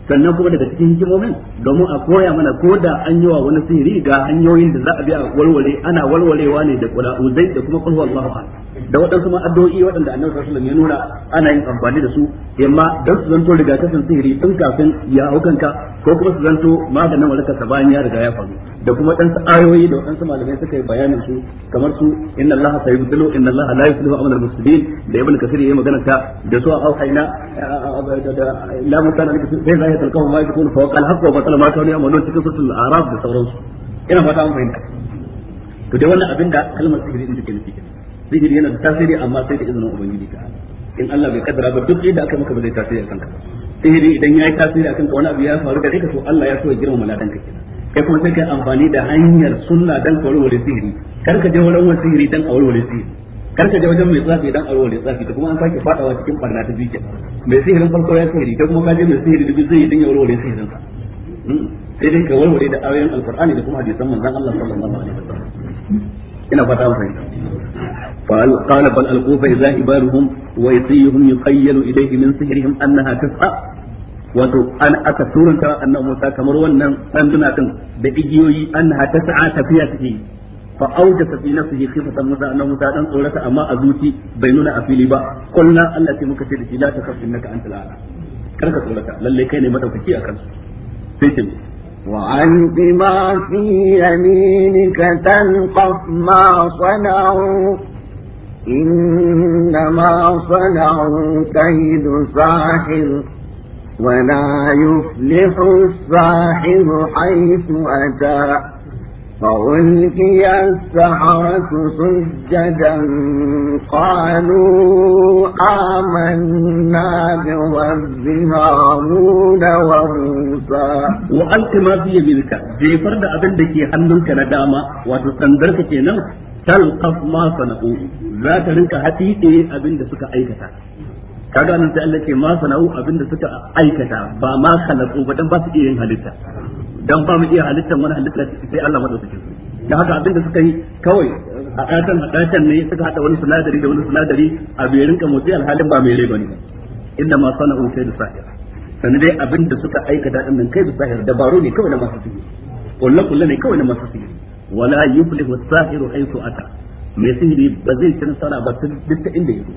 sannan kuma daga cikin hikimomin domin a koya mana ko da an yi wa wani sihiri ga hanyoyin da za a bi a walwale ana walwalewa ne da kula'uzai da kuma kulhu Allahu da waɗansu ma addu'o'i waɗanda annabi sallallahu alaihi wasallam ya nuna ana yin amfani da su yamma dan su zanto rigakafin sihiri tun kafin ya kanka ko kuma su zanto maganin warkar sa bayan ya riga ya faru da kuma dan ayoyi da waɗansu malamai suka yi bayanin su kamar su inna allaha sayyidu inna allaha la yuslihu amal al-muslimin da ibn kasir yayi magana ta da su a auhayna la mutana lika sai zai talqahu ma yakun fa al haqqo wa batala ma kanu ya'malun cikin suratul a'raf da sauransu ina fata an fahimta to dai wannan abinda kalmar sihiri din take nufi sihiri yana da tasiri amma sai da izinin ubangiji ta in Allah bai kaddara ba duk inda aka maka ba zai tasiri akan ka sihiri idan ya yi tasiri akan ka wani abu ya faru da kai so Allah ya so ya girma ladan ka kenan kai kuma sai kai amfani da hanyar sunna dan ka warware sihiri kar ka je wurin wani sihiri dan a warware sihiri kar ka je wajen mai tsafi dan a warware tsafi da kuma an sake fadawa cikin barna ta biyu mai sihirin farko ya sihiri da kuma ka je mai sihiri da zai dan ya warware sihirin ka hmm. sai dai ka warware da ayoyin alqur'ani da kuma hadisan manzon Allah sallallahu alaihi wasallam ina fata mun fahimta قال بل ألقوا فإذا حبالهم ويصيهم يخيل إليه من سحرهم أنها تسعى wato an aka turanta annabi Musa kamar wannan sanduna din da igiyoyi annaha tas'a tafiya take fa auja fi nafsihi khifatan Musa annabi Musa dan tsorata amma a zuci bai nuna a fili ba kullu Allah sai muka ce da shi la takhaf innaka antal a'la karka tsorata lalle kai ne madaukaki akan sai ce وألق ما في يمينك تلقف ما صنعوا إنما صنعوا كيد ساحر ولا يفلح الساحر حيث أتى فألقي السحرة سجدا قالوا آمنا برب هارون وموسى وألق ما في يمينك جيفر da abin da ke hannunka na dama talqaf ma sana'u za ta rinka hatice abin da suka aikata kaga nan sai Allah ce ma sana'u abin da suka aikata ba ma khalaqu ba dan ba su iya yin halitta dan ba mu iya halittar wani halitta sai Allah madaukake su dan haka abin da suka yi kawai a katan hadatan ne suka hada wani sinadari da wani sinadari a bai rinka motsi alhalin ba mai rai bane inda ma sana'u kai da sahir sanin dai abin da suka aikata din nan kai da sahir dabaru ne kawai na masu sihiri kullu kullu ne kawai na masu sihiri wala yuflihu as-sahiru haythu ata mai sihiri ba zai ci nasara ba duk inda yake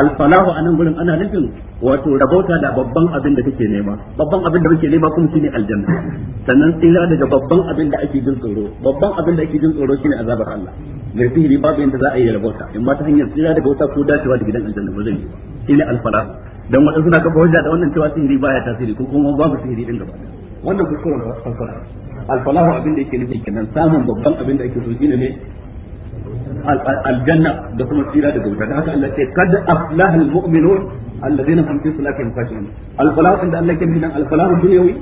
alfalahu falahu anan gurin ana nufin wato rabauta da babban abin da kake nema babban abin da kake nema kuma shine aljanna sannan da daga babban abin da ake jin tsoro babban abin da ake jin tsoro shine azabar Allah mai sihiri babu yanda za a yi rabauta in ba ta hanyar tsira daga wata ko dacewa da gidan aljanna ba zai yi ba shine alfalahu dan wadansu na kafa hujja da wannan cewa sihiri baya tasiri ko kuma babu sihiri din gaba wannan kuskuren fasara alfalahu abin da yake nufi kenan samun babban abin da ake so shine ne aljanna da kuma tsira daga wuta da haka Allah ce kad aflaha almu'minun alladhina hum fi salatihim khashi'un alfalahu inda Allah ke nufi dan alfalahu dunyawi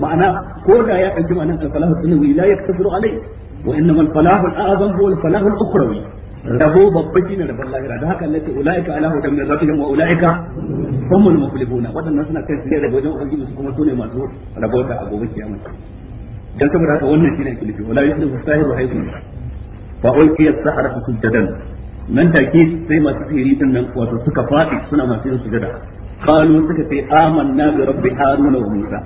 ma'ana ko da ya dauki ma'anar alfalahu dunyawi la yaktasiru alai wa innama alfalahu al'azam huwa alfalahu al-ukhrawi rabo babba shine rabon lahira da haka Allah ce ulaika ala hudan min rabbihim wa ulaika humul muflihuna wadannan suna kai su da wajen ubangiji su kuma sune masu rabo da abubuwan kiyama dan saboda haka wannan shine ake nufi wala yuslihu sahiru haythu fa ulqiya as-sahara sujadan nan take sai masu sihiri din nan wato suka fadi suna masu yin sujada قالوا سكتي آمنا برب هارون وموسى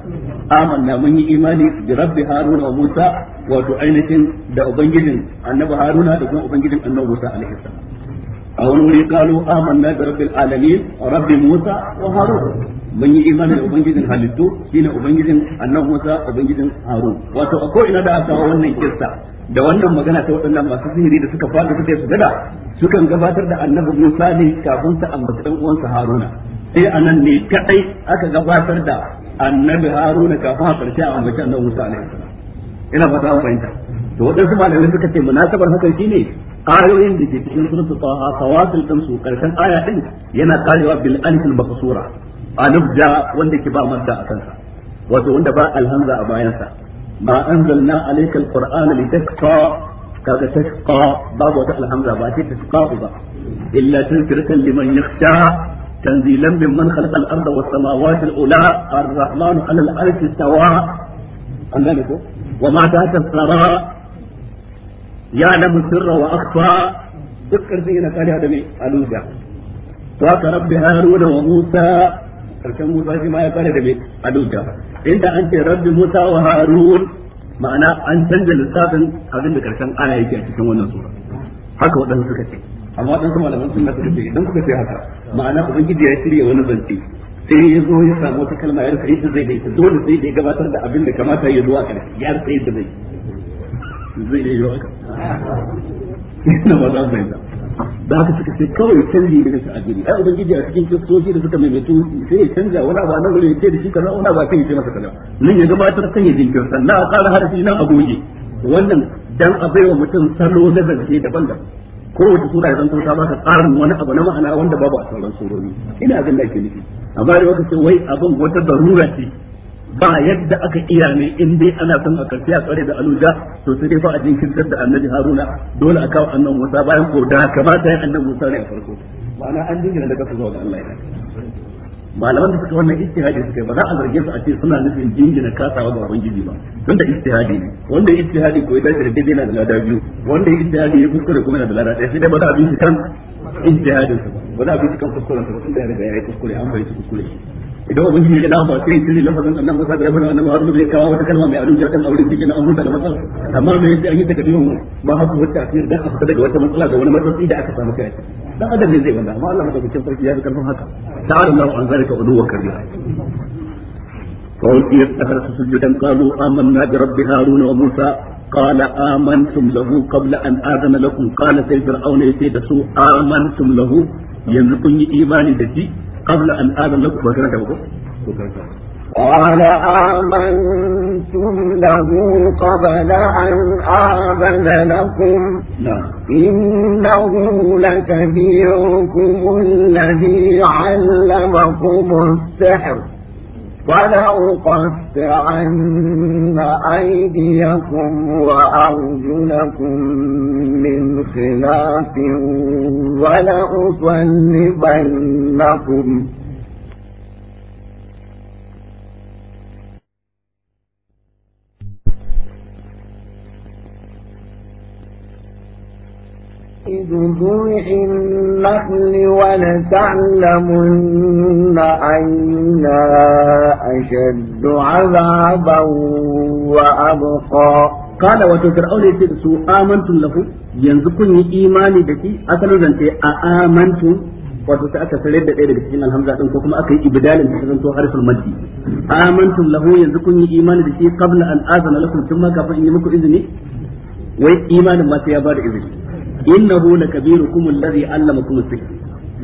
آمنا من إيماني برب هارون وموسى وتعينة دا أبنجدن النبي هارون دا أبنجدن النبي موسى عليه السلام أو قالوا آمنا برب العالمين رب موسى وهارون mun yi imani da ubangijin halittu shine ubangijin annabi Musa ubangijin Harun wato a ko ina da aka kawo wannan kissa da wannan magana ta waɗannan masu sihiri da suka faɗi suka su gada sukan gabatar da annabi Musa ne kafin sa ambaci dan uwansa Haruna sai anan ne kadai aka gabatar da annabi Haruna kafin a karshe a ambaci annabi Musa ne ina fata an fahimta to waɗansu malamai suka ce munasabar hakan shine ayoyin da ke cikin suratul taha tawasul din su karshen aya din yana karewa bil alif al anubda wanda ke ba madda a kansa wato wanda ba alhamza a bayansa ma anzalna alayka alqur'ana litashqa kaga tashqa babu wata alhamza ba ce tashqa ba illa tadhkiratan liman yakhsha تنزيلا ممن ko. Wa والسماوات الاولى الرحمن على العرش استوى وما تحت الثرى يعلم السر واخفى ذكر زينة هذا من الوجع وك رب wa Musa. karshen Musa shi ma ya kare da mai adulta inda an ce rabbi Musa wa Harun ma'ana an canza lissafin abin da karshen aya yake a cikin wannan sura haka waɗansu suka ce amma waɗansu malaman sunna suka ce idan kuka ce haka ma'ana ubangiji ya shirya wani zance sai ya zo ya samu wata kalma ya rufe yadda zai ita dole sai da ya gabatar da abin da kamata ya zuwa kare ya rufe yadda zai zai da yi haka ina ba za mu fahimta da haka suka sai kawai canji daga sha'adiri ai ubangiji a cikin kristoci da suka maimaitu sai ya canza wani abu nan wurin ya ce da shi kaza wani abu sai ya ce masa kaza nan ya gabatar sai ya jinkirta na a ƙara harfi nan a goge wannan dan a wa mutum salo na zance daban-daban ko wata sura ya zanto ta baka tsarin wani abu na ma'ana wanda babu a sauran surori ina abin da ke nufi amma da wata ce wai abin wata darura ce ba yadda aka kira ne in dai ana son a karfi a tsare da aluja to sai dai fa a jinkin da annabi haruna dole a kawo annabi musa bayan ko da kamata ya annabi musa ne a farko ma'ana an jingina da kasa zuwa ga Allah ya malaman da suka wannan istihadi suka ba za a zarge su a ce suna nufin jingina kasawa ga ubangiji ba don da istihadi ne wanda istihadi ko ya da daidai yana da lada biyu wanda istihadi ya kuskure kuma yana da lada ɗaya sai dai ba za a bi su kan istihadin ba za a bi su kan kuskuren sa ba tun da ya riga ya yi kuskure an bai su kuskure ഇതോ ഉപയോഗിക്കുന്ന قالوا آمنا برب هارون وموسى قال آمنتم له قبل أن آذن لكم قال سيد فرعون يسيد سوء آمنتم له ينقل إيمان دتي قبل أن آذن لكم وكرهت بكم قال آمنتم له قبل أن آذن لكم نعم. إنه لكبيركم الذي علمكم السحر فلأقطعن أيديكم وأرجلكم من خلاف ولأصلبنكم جذوع النخل ولتعلمن أينا أشد عذابا وأبقى قال أولي يتدسوا آمنت له ينزقني إيماني بكي أسألو زنتي آمنتم wato ta aka sare da ɗaya daga cikin alhamza ɗin ko kuma aka yi ibdalin da zanto harfin maddi amantum lahu yanzu kun yi imani da shi qabla an azana lakum tun kafin in yi muku izini wai imanin ma sai ya bada izini innahu lakabirukum alladhi allamakum as-sihr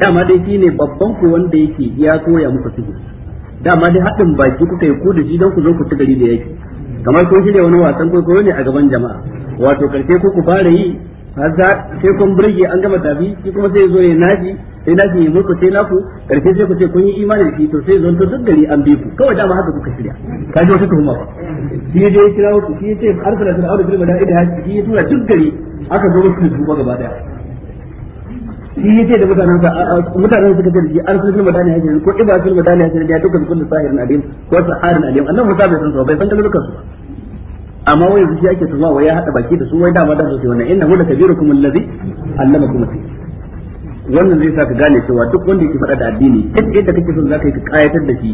dama dai ne babban ku wanda yake ya koya muku sihr dama dai haɗin baki kuka yi ku da shi don ku zo ku ci gari da yake kamar shi shirya wani wasan kwaikwayo ne a gaban jama'a wato karshe ku ku fara yi har sai kun burge an gama tafi shi kuma sai zo ya naji sai na ku yanzu ku sai na ku sai ku ce kun yi imani da shi to sai zonto duk gari an bi ku kawai dama haka kuka shirya ka ji wata tuhuma ba shi ya je ya kira ku shi ya ce arsala da aure bilma da ida ya shi ya tura duk gari aka zo musu duba gaba daya shi ya ce da mutanen sa mutanen suka ce da shi arsala bilma da haji ko iba bilma da haji ya dukkan kullu sahirin alim ko saharin alim annabi Musa bai san sa bai san kalmar kansu amma wai shi ake tuma wai ya hada baki da su wai dama da su ce wannan innahu lakabirukum allazi allamakum sir wannan zai sa ka gane cewa duk wanda yake faɗa da addini duk yadda kake son zaka yi ka kayatar da shi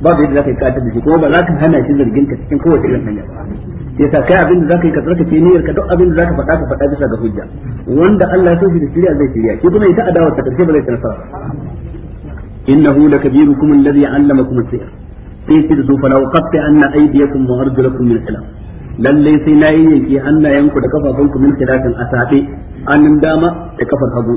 ba da yadda zaka yi kayatar da shi kuma ba za ka hana shi zargin ka cikin kowace irin hanya yasa kai abin da zaka yi ka tsarkake niyyar ka duk abin da zaka faɗa ka faɗa bisa ga hujja wanda Allah ya so shi da shirya zai shirya shi kuma ita adawa ta karshe ba zai tarfa innahu lakabirukum alladhi 'allamakum as-sihr sai ki da su fala uqatti anna aydiyakum wa arjulakum min khilaf Lallai sai na yi yanki hannayenku da kafafunku min khilafin asabe hannun dama da kafar hagu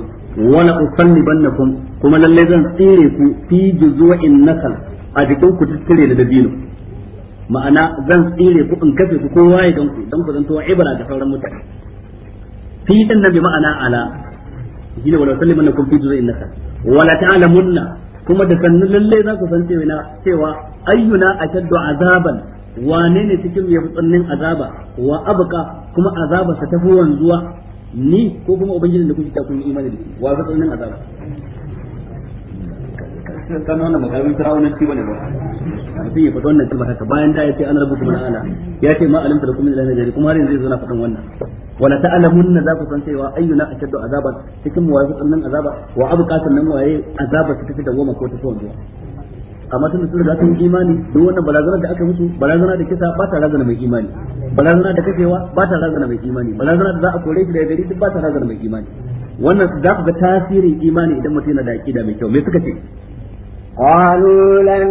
wala usanni bannakum kuma lalle zan tsire ku fi juzu'in nakal a jikin ku tsire da dabino ma'ana zan tsire ku in kafe ku kowa ya ganku dan ku zanto ibra ga sauran mutane fi din nan bi ma'ana ala shine wala usanni bannakum fi juzu'in nakal wala ta'lamunna kuma da sannan lalle za ku san cewa ayyuna ashaddu azaban wane ne cikin mai tsananin azaba wa abqa kuma azaba sa tafi wanzuwa ni ko kuma ubangijin da kuke ta kun imani da shi wa ga tsaunin azaba sannan wannan makalmin fir'aunan ci bane ba mutum ya faɗi wannan kalmar haka bayan da ya ce an rabu kuma ala ya ce ma alimta da kuma ilahi da kuma har yanzu zai na faɗin wannan wala ta'lamunna za ku san cewa ayyuna ashaddu azaban cikin mu wa nan azaba wa abqa sannan waye azaba ta tafi da goma ko ta tsawon amma tun sun riga sun imani duk wannan balazana da aka musu balazana da kisa ba ta razana mai imani balazana da kashewa ba ta razana mai imani balazana da za a kore shi da gari duk ba ta razana mai imani wannan za ku ga tasirin imani idan mutum yana da aqida mai kyau me suka ce قالوا لن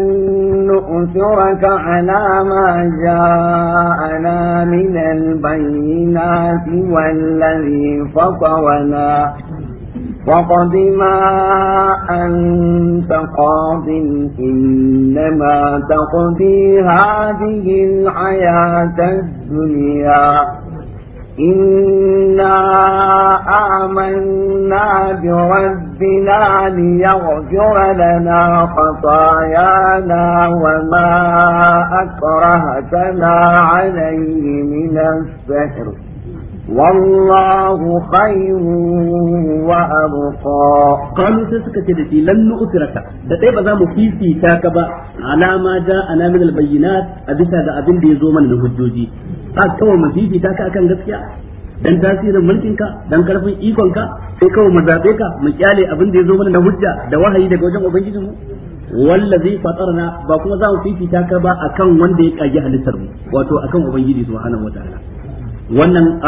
نؤثرك على ما جاءنا من البينات والذي فطرنا وقد ما أنت قاض إنما تقضي هذه الحياة الدنيا إنا آمنا بربنا ليغفر لنا خطايانا وما أكرهتنا عليه من السحر والله خير وأبقى قالوا سيسكة التي لن نؤثرك دقيبا ذا مفيسي تاكبا على ما جاءنا من البينات أبسا ذا أبن بيزوما للهجوجي قال كوا مفيسي تاكا أكن غسكيا dan tasirin mulkinka dan karfin ikonka sai kawai mu zabe ka mu kyale abin da ya zo mana na hujja da wahayi daga wajen ubangijin mu wallazi fatarna ba kuma za mu fifita ka ba akan wanda ya kage halittar mu wato akan ubangiji subhanahu wataala wannan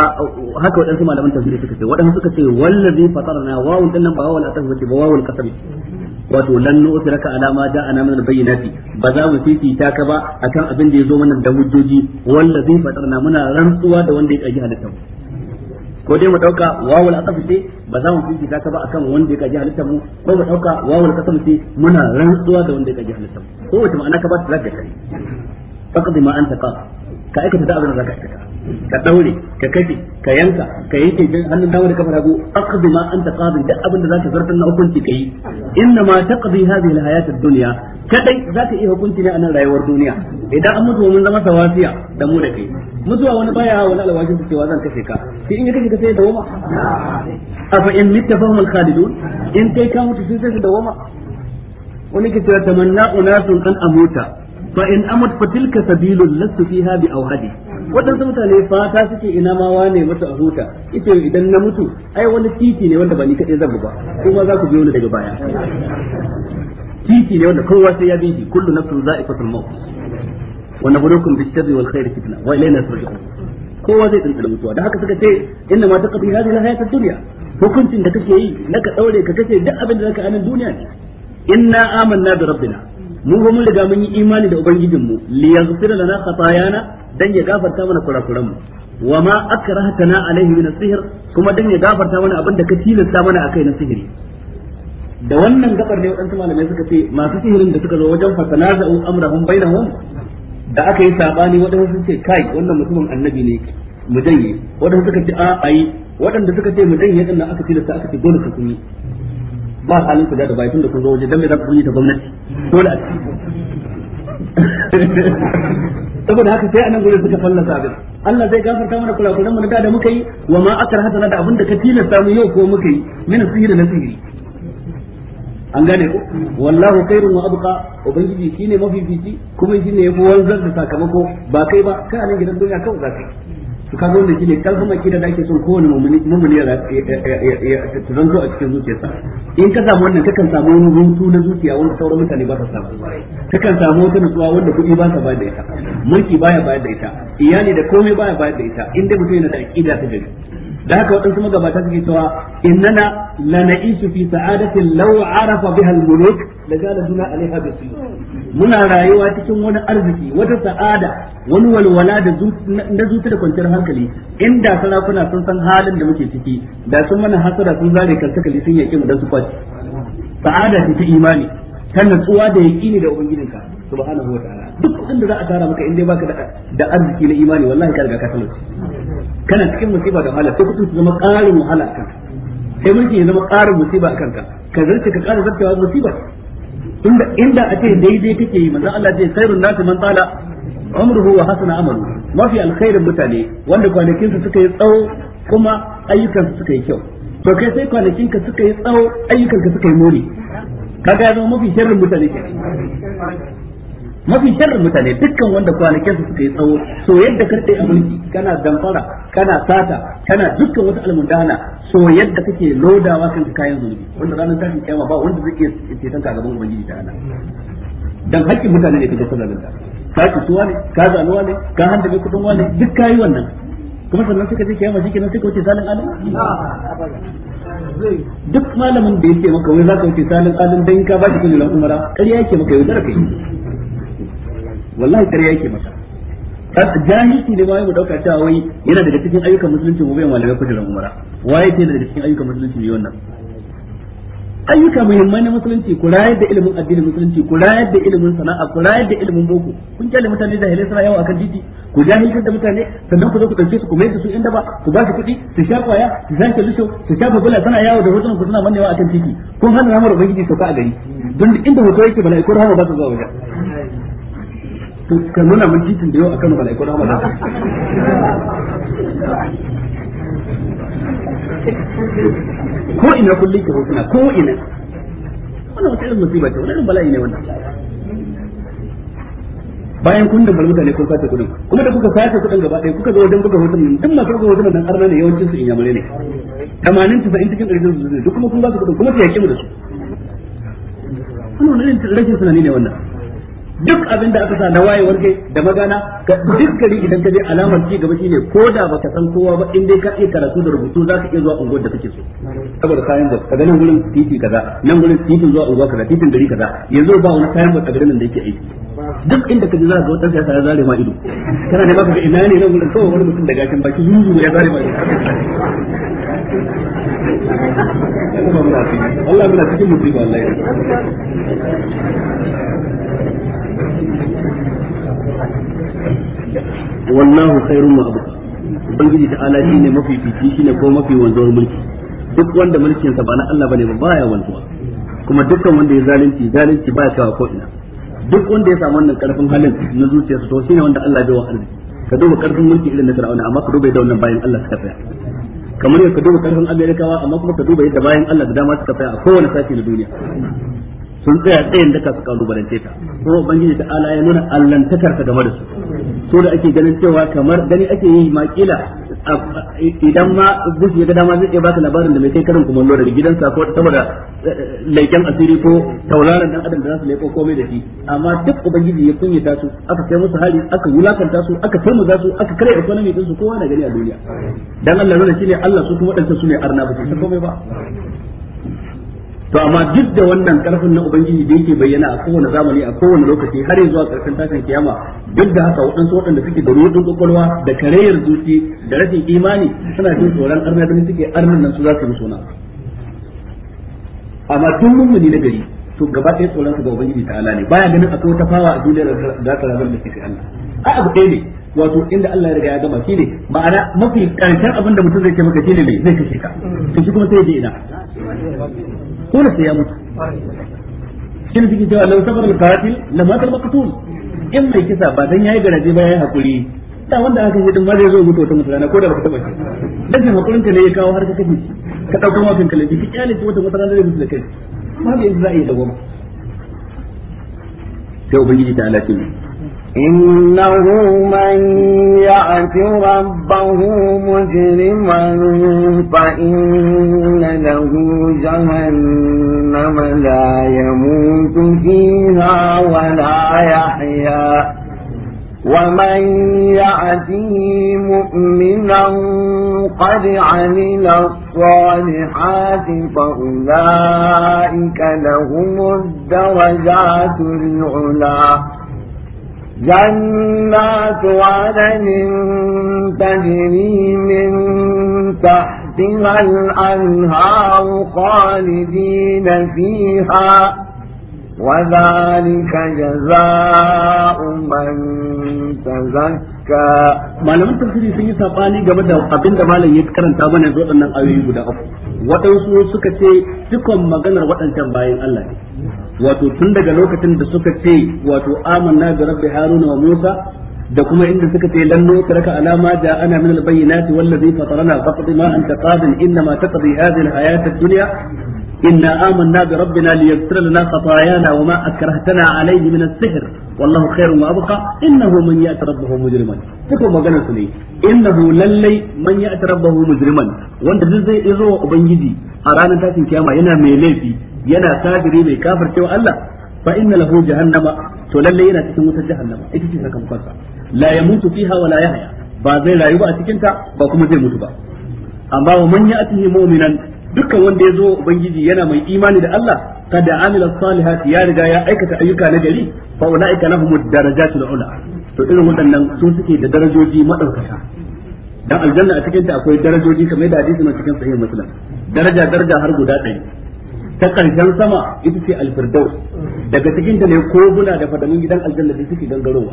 haka waɗansu malaman tafsiri suka ce waɗansu suka ce wallazi fatarna wawun din nan ba wawul asab bace ba wawul qasam wato lan nu'tiraka ala ma ana min al-bayyinati ba za mu fifita ka ba akan abin da yazo mana da hujjoji wallazi fatarna muna rantsuwa da wanda ya kaji halitta ko dai mu dauka wawul asab ce ba za mu fifita ka ba akan wanda ya kaji halitta mu ko mu dauka wawul qasam ce muna rantsuwa da wanda ya kaji halitta ko wata ma'ana ka ba ta zaka kai faqdi ma anta ka ka aikata da abin da zaka aikata ka daure ka kaje ka yanka ka yanke jin hannun dama da kafar hagu aqdi ma anta qadin da abin da zaka zartar na hukunci kai inna ma taqdi hadhihi alhayat ad-dunya kadai zaka iya hukunci ne a nan rayuwar duniya idan an mutu mun zama sawasiya da mu da kai mutuwa wani baya wani alwashin su cewa zan kashe ka sai in ya kashe ka sai da A afa in mitta fahum al-khalidun in kai ka mutu sai sai da wama wani ke cewa tamanna unasun an amuta fa in amut fa tilka sabilun lasu fiha bi awhadi waɗansu mutane fata suke ina ma wane mutu a huta ita idan na mutu ai wani titi ne wanda ba ni kaɗai zan ba kuma za ku biyo ni daga baya titi ne wanda kowa sai ya bi shi kullu nafsin za'iqatul maut wa nabluukum bish-sharri wal khairi fitna wa ilayna turja'un kowa zai tsintsira mutuwa da haka suka ce inna ma taqdi hadhihi al-hayatad dunya hukuncin da kake yi naka daure ka kace duk abin da naka nan duniya ne inna amanna bi rabbina mu ba mun riga mun yi imani da ubangijin mu li yaghfira lana khatayana dan ya gafarta mana kurakuran mu wa ma akrahtana alaihi min sihr kuma dan ya gafarta mana abin da ka tilasta mana akai na sihiri da wannan gafar ne wadansu malamai suka ce masu sihirin da suka zo wajen da amrahum bainahum da aka yi sabani wadansu sun ce kai wannan mutumin annabi ne mu danye wadansu suka ce a ai wadanda suka ce mu danye din nan aka tilasta aka ce dole ka kuni ba halin ku da da tun da kun zo waje dan me za ku yi ta gwamnati dole a saboda haka sai anan gurin suka fallasa abin Allah zai gafarta mana kurakuran mu na da muka yi wa ma akar hasana da abin da ka tilasta mu yau ko muka yi min sihiri na sihiri an gane ko wallahu khairun wa abqa ubangiji shine mafifici kuma shine yafi wanzar da sakamako ba kai ba kai anan gidan duniya kawai za kai zo da shi ne kalfin akida da ake son kowane mummuni ya ta zanto a cikin zuciyarsa in ka samu wannan kakan samu wani hutu na zuciya wanda sauran mutane ba su samu kakan samu wata nutsuwa wanda kuɗi ba ka bayar da ita mulki baya bayar da ita iyali da komai baya bayar da ita in dai mutum yana da akida ta gari da haka waɗansu magabata suke cewa innana la na'ishu fi sa'adatin law arafa biha al-muluk la gala duna alaiha bi muna rayuwa cikin wani arziki wata sa'ada wani walwala da na zuci da kwanciyar hankali inda sarakuna sun san halin da muke ciki da sun mana hasara sun zare kan sun yake mu da su kwaci sa'ada ce ta imani ta natsuwa da yaqini da ubangijinka subhanahu wa ta'ala duk inda za a tara maka inda baka da arziki na imani wallahi ka riga ka talauci kana cikin musiba da wahala sai kudin su zama ƙarin wahala akan sai mulki ya zama ƙarin musiba akan ka ka zarce ka ƙara zartewa musiba inda inda a ce daidai kake yi manzo Allah ce khairun nasi man tsala umruhu wa hasana amalu mafi alkhairin mutane wanda kwanakin su suka yi tsawo kuma ayyukan su suka yi kyau to kai sai kwanakin ka suka yi tsawo ayyukan ka suka yi mori kaga ya zama mafi sharrin mutane kenan mafi sharrin mutane dukkan wanda kwanakin su suka yi tsawo so yadda karɗe a mulki kana damfara kana sata kana dukkan wata almundana so yadda kake lodawa kan kayan zunubi wanda ranar tashin kiyama ba wanda zai iya ceton ka gaban ubangiji ta ana dan haƙƙin mutane ne kaje sallar da ka ci suwa ne ka zanuwa ne ka handa mai kudin wane duk kayi wannan kuma sannan suka je kiyama shikenan suka wuce salin alim duk malamin da yake maka wai zaka wuce salin alim dan ka ba shi kullun umara ƙarya yake maka yau da kai wallahi kare yake masa jahilci ne mai mu dauka cewa wai yana daga cikin ayyukan musulunci mu bai malamai da umara waye ce daga cikin ayyukan musulunci ne wannan ayyuka muhimmai na musulunci ku rayar da ilimin addinin musulunci ku rayar da ilimin sana'a ku rayar da ilimin boko kun kyale mutane da suna yawa akan titi ku jahilkar da mutane sannan ku zo ku dauke su ku mai da su inda ba ku ba su kuɗi su sha kwaya su sha lusho su sha bula suna yawo da hotunan ku suna mannewa akan titi kun hana ramar ubangiji sauka a gari don inda hoto yake bala ikon rama ba su zuwa wajen ka nuna mun titin da yau a Kano malaikun na Ramadan ko ina kulli ka hotuna ko ina wannan wata irin musiba ce wannan bala'i ne wannan bayan kun da mutane kun sace kudin kuma da kuka sace kudin gaba ɗaya kuka zo wajen buga hotunan duk masu buga hotunan nan arna ne yawancin su inyamare ne cikin duk kuma kun ba su kudin kuma su mu da su wannan rashin tunani ne wannan duk abin da aka sa na wayewar kai da magana duk gari idan ka je alamar ci gaba shine ko da baka san kowa ba in dai ka iya karatu da rubutu za ka iya zuwa unguwar da kake so saboda kayan gwad kaga nan gurin titi kaza nan gurin titin zuwa unguwa kaza titin gari kaza yanzu ba wani kayan gwad a garin nan da yake aiki duk inda ka je za ka ga wata siyasa ya zare ma ido kana ne baka ga ina ne nan gurin kawai wani mutum da gashin baki yuzu ya zare ma ido Allah muna cikin musiba wallahi wallahu khairun wa abqa ubangiji ta ala shine mafi fiti shine ko mafi wanzuwar mulki duk wanda mulkin sa ba na Allah bane ba baya wanzuwa kuma dukkan wanda ya zalunci zalunci baya kawa ko ina duk wanda ya samu wannan karfin halin na zuciyarsa to shine wanda Allah bai wa arziki ka duba karfin mulki irin na Fir'auna amma ka duba da wannan bayan Allah suka tsaya kamar yadda ka duba karfin Amerikawa amma kuma ka duba yadda bayan Allah da dama suka tsaya a kowane sashi na duniya sun tsaya tsayin daka su kalubalance ta kuma ubangiji ta ala ya nuna allantakar ta game da su so da ake ganin cewa kamar gani ake yi makila idan ma bush ya ga dama zai iya baka labarin da mai kai karin kumallo gidan sa ko saboda eh, laiken asiri ko tauraron dan adam da za su leko komai da shi amma duk ubangiji ya kunyata su aka kai musu hali aka wulakanta su aka turmuza su aka kare economy din su kowa na gani a duniya dan Allah nuna shine Allah su kuma dan su ne arna ba su komai ba to amma duk da wannan karfin na ubangiji da yake bayyana a kowane zamani a kowane lokaci har zuwa karfin tashin kiyama duk da haka waɗansu waɗanda suke da rudin kwakwalwa da karayar zuci da rashin imani suna jin tsoron arna da suke arnin nan su za su yi suna amma tun mummuni na gari to gaba ɗaya tsoron su ga ubangiji ala ne baya ganin akwai wata fawa a duniyar da ta rabar da take Allah a abu ɗaya ne wato inda Allah ya riga ya gama shine ma'ana mafi karshen abin da mutum zai ce maka shine ne zai kashe ka to shi kuma sai ya je ina dole sai ya mutu shin suke cewa lau sabar al-qatil la matal maqtul in mai kisa ba dan yayi garaje ba yayi hakuri da wanda aka yi din ma zai zo mutu wata mutana ko da baka taba shi dan hakurin ka ne ya kawo har ka kafi ka dauko mafin kalabi ki kyale wata mutana zai da kai ma bai za a yi da goma sai ubangiji ta alaƙi إنه من يأت ربه مجرما فإن له جهنم لا يموت فيها ولا يحيا ومن يأته مؤمنا قد عمل الصالحات فأولئك لهم الدرجات العلى جنات عدن تجري من تحتها الأنهار خالدين فيها وذلك جزاء من تزكى malaman tafsiri sun yi sabani game da abin da malam ya karanta mana da waɗannan ayoyi guda uku waɗansu suka ce dukkan maganar waɗancan bayan Allah ne wato tun daga lokacin da suka ce wato amanna bi rabbi haruna wa musa da kuma inda suka ce lan nutraka alama da ana min albayyinati wallazi fatarana faqdi ma anta qadin ma taqdi hadhihi alhayat ad-dunya inna amanna bi rabbina liyaghfir lana khatayana wa ma akrahtana alayhi min as-sihr wallahu khairun wa abqa innahu man ya'ti rabbahu mujriman duka magana su ne innahu lallai man ya'ti rabbahu mujriman wanda duk zai izo wa ubangiji a ranar tashin kiyama yana mai laifi yana kafiri mai kafar kafircewa Allah fa inna lahu jahannama to lallai yana cikin wutar jahannama ita ce sakamakon sa la yamutu fiha wa la yahya ba zai rayu ba a cikin ta ba kuma zai mutu ba amma wa man ya'tihi mu'minan dukkan wanda ya zo ubangiji yana mai imani da Allah kada amila salihati ya riga ya aikata ayyuka na gari fa ulaika lahumud darajatul ula to irin waɗannan su suke da darajoji madaukaka dan aljanna a cikin ta akwai darajoji kamar da hadisi na cikin sahih muslim daraja daraja har guda ɗaya ta ƙarshen sama ita ce alfirdaus daga cikin ta ne koguna da fadamin gidan aljanna da suke gangarowa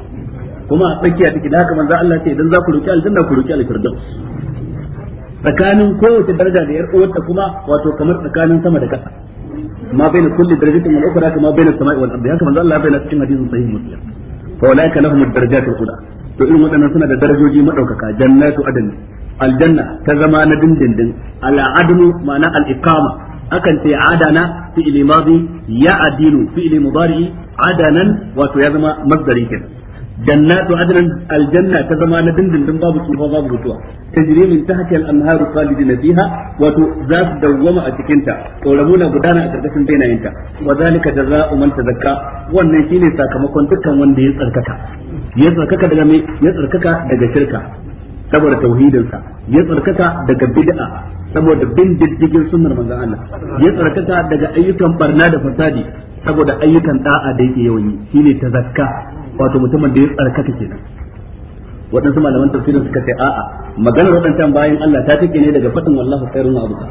kuma a tsakiya take da haka manzo Allah ce idan za ku roki aljanna ku roki alfirdaus tsakanin kowace daraja da yar uwarta kuma wato kamar tsakanin sama da ƙasa ma baina kulli darajatin wal ukhra kama baina samai wal ardi haka manzo Allah ya bayyana cikin hadisin sahih muslim fa ulaika lahum ad-darajatul ula to irin waɗannan suna da darajoji madaukaka jannatu adn janna ta zama na dindindin al-adnu ma'ana al-iqama akan ce adana fi'li madi ya adilu fi'li mudari adanan wato ya zama masdari kenan jannatu adnan aljanna ta zama na dindindin babu tsufa babu mutuwa tajri min tahti al-anharu khalidina fiha wato za su dawwama a cikin ta koramu na gudana a karkashin bainayin ta wa zalika jazaa'u man zakka. wannan shine sakamakon dukkan wanda ya tsarkaka ya tsarkaka daga me ya tsarkaka daga shirka saboda tauhidinsa ya tsarkaka daga bid'a saboda bin diddigin sunnar manzon Allah ya tsarkaka daga ayyukan barna da fasadi saboda ayyukan da'a da yake yawan yi shine tazakka wato mutumin da ya tsarkaka kenan waɗansu malaman tafsirin suka ce a'a maganar waɗancan bayan Allah ta take ne daga fadin wallahu khairun abuka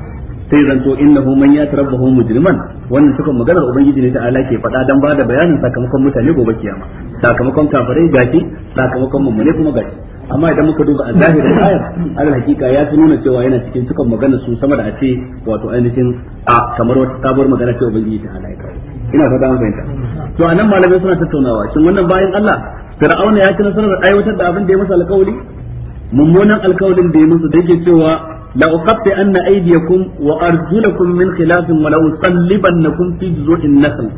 sai zanto innahu man yatarabbahu mujriman wannan suka maganar ubangiji ne ta'ala ke faɗa dan bada bayanin sakamakon mutane gobe kiyama sakamakon kafirai gashi sakamakon mummune kuma gashi amma idan muka duba a zahirin ayar alal hakika ya fi nuna cewa yana cikin cikin magana su sama da a ce wato ainihin a kamar wata sabuwar magana ce ubangiji ta halaka ina fata an fahimta to anan malamai suna tattaunawa shin wannan bayan Allah fir'auna ya ci nasarar aiwatar da abin da ya masa alƙawari mummunan alƙawarin da ya masa da yake cewa la uqatti anna aydiyakum wa arjulakum min khilafin wa la usallibannakum fi juzu'in nasl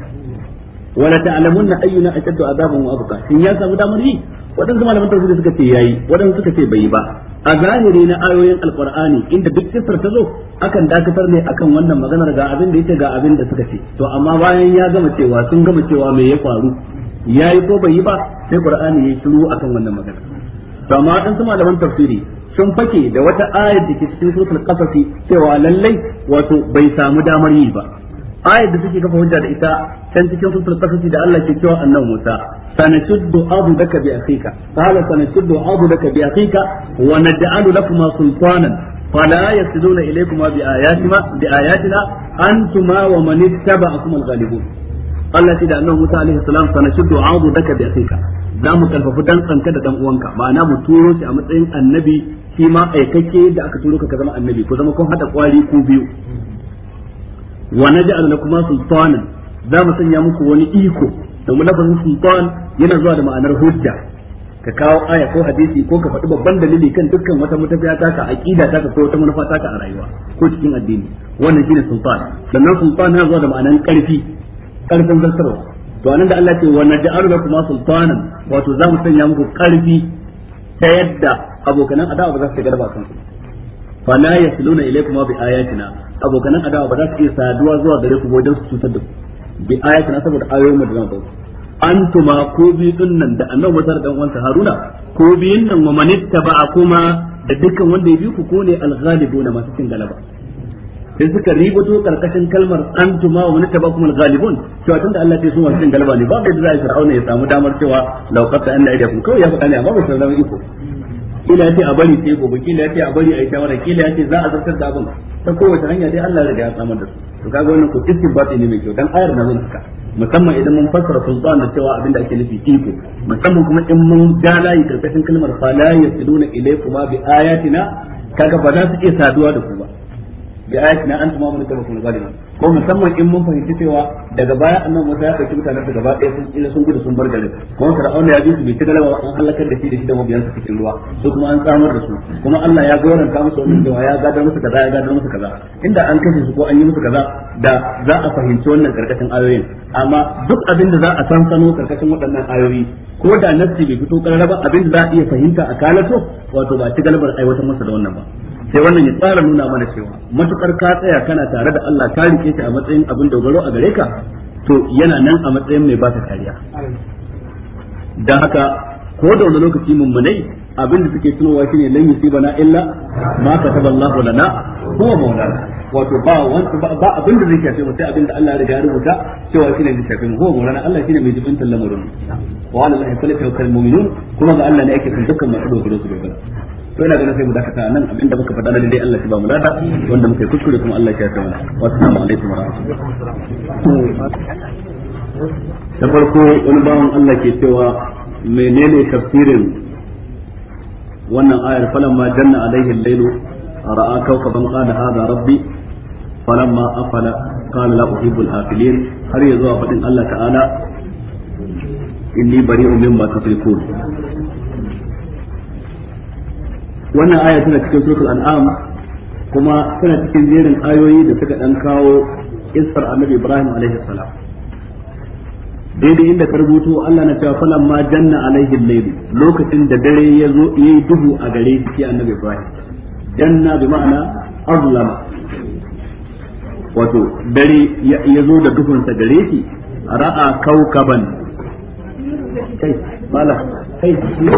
wa la ta'lamunna ayyuna ashaddu adaban wa abqa shin ya samu damar yi waɗansu malaman tafsiri suka ce yayi waɗansu suka ce bai yi ba a zahiri na ayoyin alqur'ani inda duk kissar ta zo akan dakatar ne akan wannan maganar ga abin da yake ga abin da suka ce to amma bayan ya gama cewa sun gama cewa me ya faru yayi ko bai yi ba sai qur'ani ya shiru akan wannan magana to amma waɗansu malaman tafsiri sun fake da wata ayar da ke cikin suratul qasas cewa lallai wato bai samu damar yi ba A'yar da suke kafa hujja da ita can cikin suratul qasas da Allah ke cewa annabi Musa sanashuddu abudaka bi akhika qala sanashuddu abudaka bi akhika wa naj'alu lakuma sultanan fala yasluna ilaykuma bi ayatina bi ayatina antuma wa man ittaba'akum al-ghalibun Allah da Musa salam bi za mu karfafi dan tsanka da dan uwanka ma'ana mu turo shi a matsayin annabi shi ma aikakke da aka turo ka ka zama annabi ko zama kun hada kwari ko biyu wa naj'al lakuma sultanan za mu sanya muku wani iko domin lafazin sultan yana zuwa da ma'anar hujja ka kawo aya ko hadisi ko ka faɗi babban dalili kan dukkan wata mutafiya ta ka aqida ta ko wata manufa ta a rayuwa ko cikin addini wannan shine sultan sannan sultan yana zuwa da ma'anar karfi karfin zartarwa to anan da Allah ce wa naj'al lakuma sultanan wato za mu sanya muku karfi ta yadda abokanan adawa ba za su ga galaba kansu fa la yasluna ilaykum bi ayatina abokanan adawa ba za su iya saduwa zuwa gare ku wajen su cutar da ku bi ayatina saboda ayoyin mu da zan dauka antuma ko biyu din nan da annabi masar da uwansa Haruna ko biyun nan wa manittaba'a kuma da dukkan wanda ya bi ku ko ne al-ghalibuna masu cin galaba sai suka ribato karkashin kalmar antuma wa ba kuma al-ghalibun cewa tunda Allah ya sun wancan galaba ne babu yadda za a Fir'auna ya samu damar cewa law qatta anna aydakum kawai ya faɗa ne amma ba su zama iko kila yace a bari sai gobe kila yace a bari a yi shawara kila yace za a zartar da abin ta kowace hanya dai Allah ya samar da su to kaga wannan ko istinbati ne mai kyau dan ayar na nuna musamman idan mun fassara sultan da cewa abinda ake nufi iko musamman kuma in mun ga layi karkashin kalmar fala yasiluna ilaykum bi ayatina kaga ba za su iya saduwa da ku ba bi ayatina antum amanu tabakum zalimin ko musamman in mun fahimci cewa daga baya annabi Musa ya dauki mutanen sa gaba ɗaya sun ila sun gudu sun bar garin kuma Fir'auna ya bi su bi ta galaba an halakar da shi da shi da mabiyan sa cikin ruwa su kuma an samar da su kuma Allah ya goranta musu wannan cewa ya gadar musu kaza ya gadar musu kaza inda an kashe su ko an yi musu kaza da za a fahimci wannan karkashin ayoyin amma duk abin da za a san karkashin waɗannan ayoyi ko da nassi bai fito karara ba abin da za a iya fahimta a kalato wato ba ta aiwatar masa da wannan ba sai wannan ya tsara nuna mana cewa matukar ka tsaya kana tare da Allah ka rike shi a matsayin abin dogaro a gare ka to yana nan a matsayin mai baka kariya dan haka ko da wani lokaci munai abin da suke tunowa shine lan yusibana illa ma kataballahu lana huwa maulana wato ba wani ba abin da zai shafe mu sai abin da Allah ya riga ya rubuta cewa shine zai shafe mu huwa maulana Allah shine mai jibin tallamurun wa ala lahi falyatawakkal mu'minun kuma ga Allah ne ake kan dukkan masu dogaro su dogara to ina ganin sai mu dakata nan abinda muka faɗa nan dai Allah shi ba mu lada wanda muka kuskure kuma Allah ya tsaya wa assalamu alaikum wa rahmatullahi da farko wani bawan Allah ke cewa menene tafsirin wannan ayar falamma janna alaihi al-lailu ra'a kawkaban qala hadha rabbi falamma afala qala la uhibbul afilin har yanzu a faɗin Allah ta'ala inni bari'un mimma tusrikun wannan aya tana cikin suratul an'am kuma tana cikin jerin ayoyi da suka dan kawo isar annabi ibrahim alaihi salam daidai inda ka rubuto Allah na cewa falan ma janna alaihi al lokacin da dare ya zo yayi duhu a gare shi annabi ibrahim janna bi ma'ana azlama wato dare ya zo da duhunsa gare shi ra'a kaukaban kai mala kai shi ne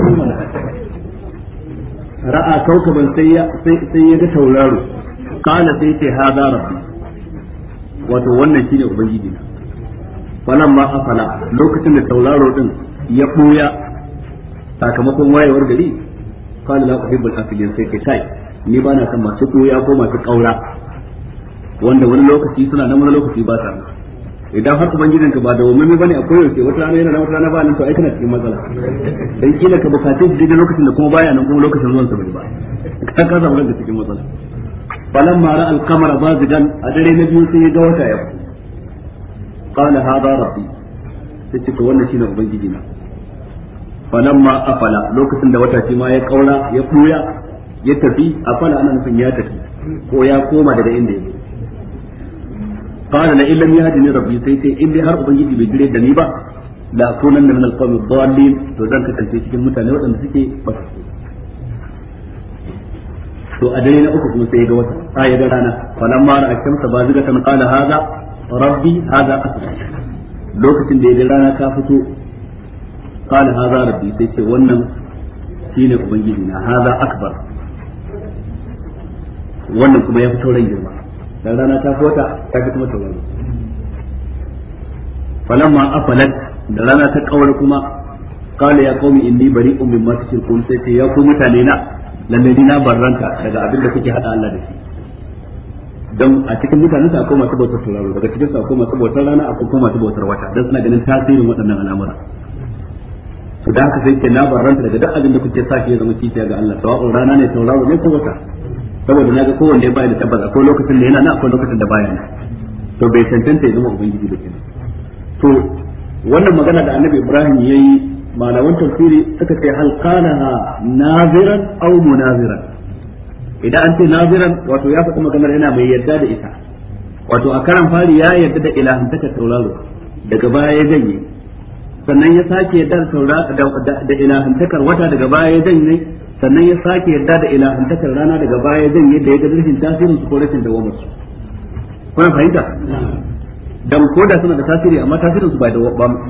ra'a kaukaban sai ya sai ya ga tauraro kana sai ce hada rabbi wato wannan shine ubangiji na falan ma afala lokacin da tauraro din ya boya sakamakon wayewar gari kana la uhibbul afilin sai ke kai ni ba na san masu boya ko masu kaura wanda wani lokaci suna nan wani lokaci ba sa idan har ubangijin ka ba da wamman bane akwai yaushe wata rana yana wata rana ba nan to ai kana cikin matsala dan kila ka bukace shi daidai lokacin da kuma baya nan kuma lokacin zuwan sa bai ba ka kasa wurin da cikin matsala falan mara alqamara bazidan a dare na biyu sai ga wata ya qala hada rabbi sai ce to wannan shine ubangiji na falamma afala lokacin da wata shi ma ya kaura ya buya ya tafi afala ana nufin ya tafi ko ya koma daga inda yake qala la illam yahdini rabbi sai sai in dai har ubangiji bai jire da ni ba la akunanna min alqawmi dhallin to zan kasance cikin mutane waɗanda suke ba. to a dare na uku kuma sai ga wata aya da rana falamma ra'a shamsa bazigatan qala hadha rabbi hadha asra lokacin da ya rana ta fito qala hadha rabbi sai ce wannan shine ubangiji na hadha akbar wannan kuma ya fito ran girma dan rana ta fota ta fi kuma taurari falamma afalat da rana ta kawar kuma qala ya qaumi inni bari'un mimma tushrikun sai ce ya ku mutane na lalle ni na barranta daga abin da kuke hada Allah da shi dan a cikin mutanen sa akwai masu bautar tauraro daga cikin sa akwai masu bautar rana akwai kuma masu bautar wata dan suna ganin tasirin waɗannan al'amura da haka sai ke na barranta daga duk abin da kuke sa ya zama kiciya ga Allah sawa'un rana ne tauraro ne ko wata saboda naga kowanne baya da tabbas akwai lokacin da yana na akwai lokacin da baya na to bai cancanta ya zama ubangiji da kenan to wannan magana da annabi ibrahim ya yi malaman tafsiri suka ce halkana qalaha naziran aw munaziran idan an ce naziran wato ya faɗi maganar yana mai yadda da ita wato a karan fari ya yadda da ilahantaka tauraro daga baya ya janye sannan ya sake yarda da ilahantakar wata daga baya ya janye sannan ya sake yadda da ilahantakar rana daga baya zan yadda ya ga zurfin tasirin su ko rashin dawamar su kuna fahimta dan ko da suna da tasiri amma tasirin su ba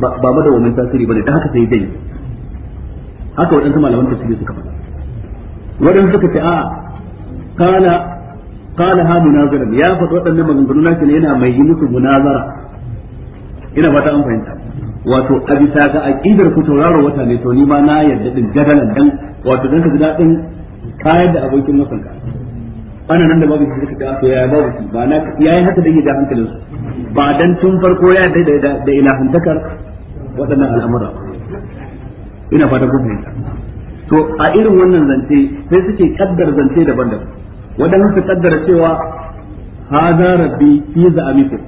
ba madawamin tasiri bane dan haka sai dai haka wadansu malaman tafsiri suka faɗa wadansu suka ce a kana kana ha munazara ya faɗi waɗannan maganganu na ne yana mai yi musu munazara ina fata an fahimta wato a bisa ga aqidar ku tauraro wata ne to ni ma na yarda din jadalan dan wato dan ka ji dadin kayan da abokin masanka ana nan da babu shi suka ta ah, to yaya babu shi ba na yayi haka dan ya da hankalin su ba dan tun farko ya da da ilahantakar waɗannan al'amura ina fata ku fahimta to a irin wannan zance sai suke kaddar zance daban-daban waɗannan su kaddara cewa haza rabbi fi za'amikum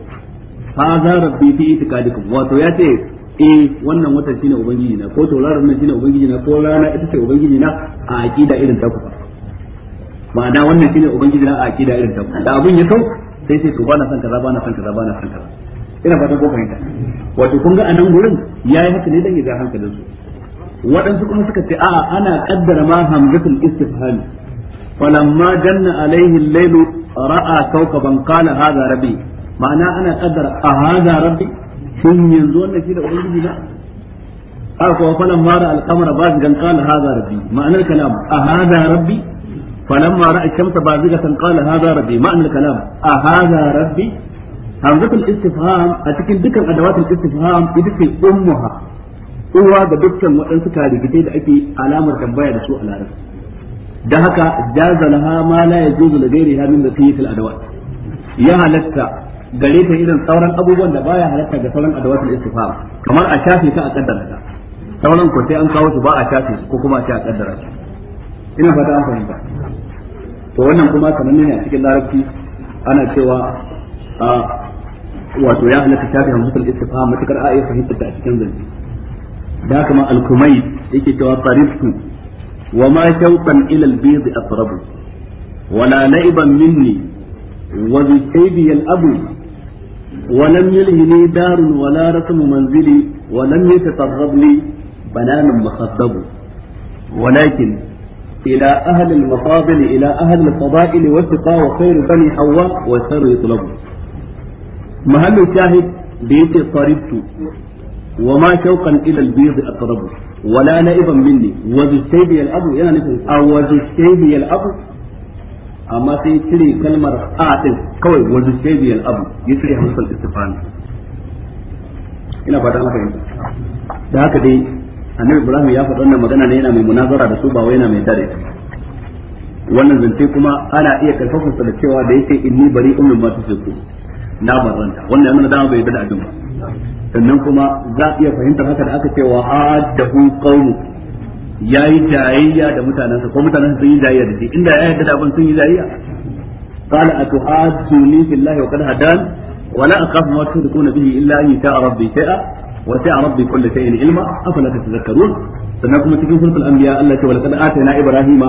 haza rabbi fi itikadikum wato ya ce eh wannan watan shine ubangiji na ko tauraron nan shine ubangiji na ko rana ita ce ubangiji na a aqida irin ta ku ma'ana wannan shine ubangiji na a aqida irin ta ku da abun ya kau sai sai to bana san kaza bana san kaza bana san kaza ina fatan ko fahimta wato kun ga anan gurin yayi haka ne dan ya ga hankalin su waɗansu kuma suka ce a'a ana kaddara ma hamzatul istifhami falamma janna alaihi al-lailu ra'a kawkaban qala hadha rabbi ma'ana ana kaddara a hadha rabbi shin yanzu wannan shi da ubangiji na a kuwa falan mara alkamara ba zigan kala haza rabbi ma'anar kalam a haza rabbi falan mara a shamsa ba ziga kan kala haza rabbi ma'anar kalam a haza rabbi hamzatul istifham a cikin dukkan adawatul istifham ita ce ummuha uwa ga dukkan waɗansu karigite da ake alamar tambaya da su a larabci da haka jaza laha ma la yajuzu li ghayriha min baqiyatil adawat ya halatta gare ta irin sauran abubuwan da baya halatta ga sauran adawatul istifham kamar a shafe ta a kaddara ta sauran ko sai an kawo su ba a shafe su ko kuma a ce a kaddara ta ina fata an fahimta to wannan kuma sanan ne a cikin larabci ana cewa a wato ya halatta shafe hamzatul istifham matakar a iya fahimtar ta a cikin zance da kuma al-kumai yake cewa tariftu wa ma shawqan ila al-bayd atrabu wala laiban minni وبسيدي الأب ولم يلهني دار ولا رسم منزلي ولم يتطرب لي بنان مخضب ولكن إلى أهل المفاضل إلى أهل الفضائل والثقة وخير بني حواء والشر يطلب محل الشاهد بيت طربت وما شوقا إلى البيض أقرب ولا نائبا مني وذو الشيب يلعب يعني أو وذو الشيب يلعب amma sai cire kalmar a din kawai wani shebiyar abu ya cire hamsal istifani ina fata an fahimta da haka dai annabi ibrahim ya faɗa wannan magana ne yana mai munazara da su ba wai yana mai dare wannan zance kuma ana iya karfafa da cewa da yake inni bari ummin ma tusiku na barranta wannan yana dama bai da abin ba sannan kuma za a iya fahimtar haka da aka cewa haddahu qawmu yayi jayayya da mutanansa ko mutanansa sun yi jayayya da shi inda ya yarda da abin sun yi jayayya qala atuhajjuni fillahi wa qad hadan wa la akhafu ma tushrikuna bihi illa an yata rabbi shay'a wa sa'a rabbi kulli shay'in ilma afala tatadhakkarun sannan kuma cikin suratul anbiya Allah ta wa laqad atayna ibrahima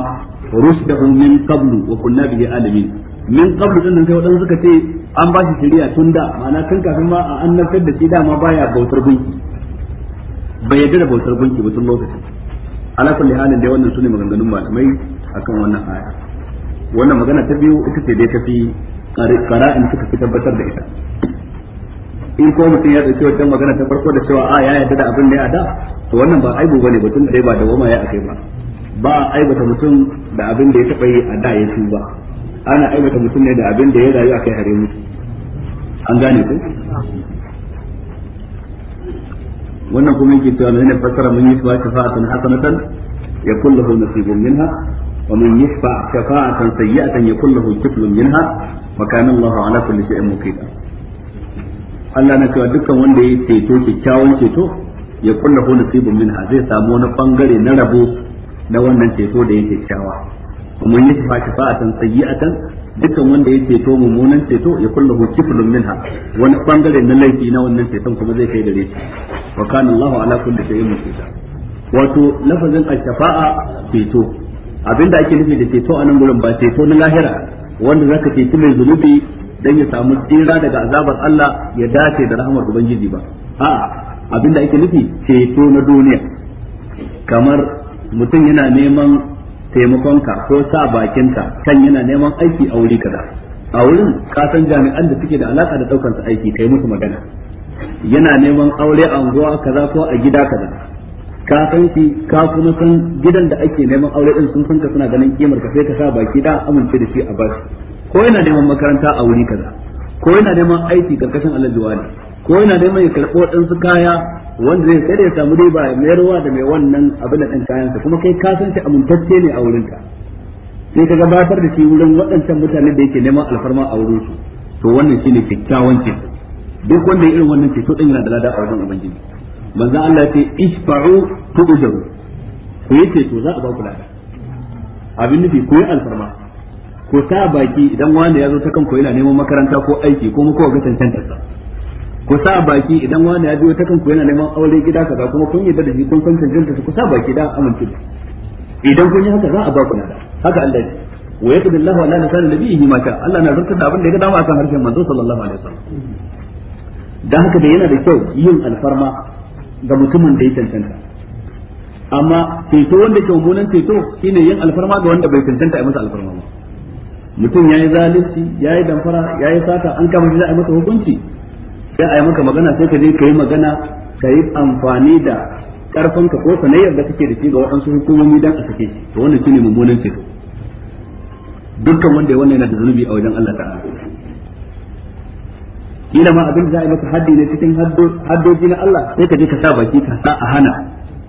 rushdahu min qablu wa kunna bihi alimin min qablu din nan sai wadansu suka ce an ba shi shari'a tun da ma'ana tun kafin ma a annabtar da shi dama baya bautar bai yarda da bautar banki ba tun ala kulli halin dai wannan sune maganganun malamai akan wannan aya wannan magana ta biyu ita ce dai tafi qara'in suka fi tabbatar da ita in ko mutum ya dauki wannan magana ta farko da cewa a ya yarda da abin da ya ada to wannan ba aibu bane batun da ba da goma ya akai ba ba aibata mutum da abin da ya taba yi a da ya ba. ana aibata mutum ne da abin da ya rayu akai hare mu an gane ko wannan kuma yake cewa ne fassara mun yi shafa'atan hasanatan yakul lahu nasibun minha wa man yashfa shafa'atan sayyi'atan yakul lahu kiflun minha wa kana Allahu ala kulli shay'in muqita Allah na cewa dukkan wanda ya ceto kyakkyawan ceto ya kulla hu nasibun minha zai samu wani bangare na rabo na wannan ceto da yake kyakkyawa mun yi shafa shafa'atan sayyi'atan dukkan wanda ya ceto mummunan ceto ya kulla hu kiflun minha wani bangare na laifi na wannan ceton kuma zai kai gare shi wa kana Allah ala kulli shay'in wato lafazin al shafaa ceto abinda ake nufi da ceto a nan gurin ba ceto na lahira wanda zaka ceci mai zunubi dan ya samu tsira daga azabar Allah ya dace da rahmar ubangiji ba a'a abinda ake nufi ceto na duniya kamar mutum yana neman taimakonka ko sa bakinka kan yana neman aiki a wuri kaza a wurin kasan jami'an da suke da alaka da daukar aiki kai musu magana yana neman aure a unguwa kaza ko a gida kaza ka san shi ka kuma san gidan da ake neman aure din sun san ka suna ganin kimar ka sai ka sa baki da amince da shi a bashi ko yana neman makaranta a wuri kaza ko yana neman aiki karkashin allah ko yana neman ya karɓo waɗansu kaya wanda zai sai da ya samu riba ya mayarwa da mai wannan abin da kayan kayansa kuma kai ka san shi amintacce ne a wurin ka. sai ka gabatar da shi wurin waɗancan mutane da yake neman alfarma a wurin su to wannan shine kyakkyawan kenan duk wanda ya irin wannan ceto din yana da lada a wajen ubangiji manzo Allah ce isfa'u tujaru ku yi ceto za a ba ku lada abin nufi ku yi alfarma ku sa baki idan wanda ya zo ta kanku yana neman makaranta ko aiki ko muku ga cancanta sa ku sa baki idan wanda ya zo ta kanku yana neman aure gida kaza kuma kun yi da shi kun san cancanta ku sa baki da amince idan kun yi haka za a ba ku lada haka Allah ya wa yaqdi Allahu ala lisan nabiyhi ma sha Allah na zartar da abin da ya ga dama akan harshen manzo sallallahu alaihi wasallam Da haka da yana da kyau yin alfarma ga mutumin da ya cancanta amma ceto wanda ke mummunan ceto shine yin alfarma ga wanda bai cancanta a masa alfarma ba mutum yayi zalunci yi damfara ya yi sata an kama shi za a masa hukunci sai a yi maka magana sai ka je ka yi magana ka yi amfani da karfin ka ko sanayyar da kake da shi ga waɗansu hukumomi dan a sake shi to wannan shine mummunan ceto dukkan wanda ya wannan yana da zunubi a wajen Allah ta'ala kila ma abin da za a maka haddi ne cikin haddoji na Allah sai ka je ka sa baki ka sa a hana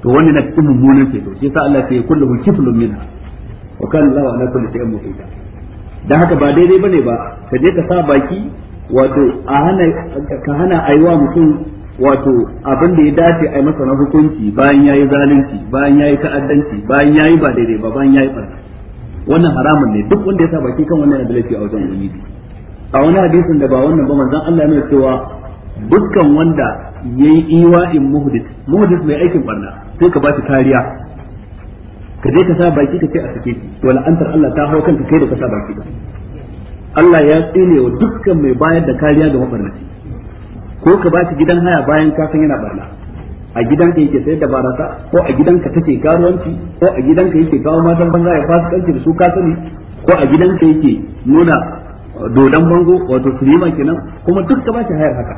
to wannan na cikin mummunan to shi yasa Allah ya ce kullu kiflun minha wa kana Allah ala kulli shay'in muqita dan haka ba daidai bane ba ka je ka sa baki wato a hana ka hana aiwa mutum wato abin da ya dace a yi masa na hukunci bayan yayi zalunci bayan yayi ta'addanci bayan yayi ba daidai ba bayan yayi barka wannan haramun ne duk wanda ya sa baki kan wannan da laifi a wajen ubangiji a wani hadisin da ba wannan ba manzon Allah ne cewa dukkan wanda yayi iwa'in muhdis muhdis mai aikin barna sai ka shi kariya ka je ka sa baki ka ce a sake shi to la'antar Allah ta hau kanka kai da ka sa baki ka Allah ya tsine wa dukkan mai bayar da kariya ga mabarnaci ko ka shi gidan haya bayan ka san yana barna a gidan ka yake sayar da barasa ko a gidan ka take karuwanci ko a gidan gidanka yake kawo matan banza ya kanki da su ka sani ko a gidan gidanka yake nuna dodon bango wato sinima kenan kuma duk ka bashi hayar haka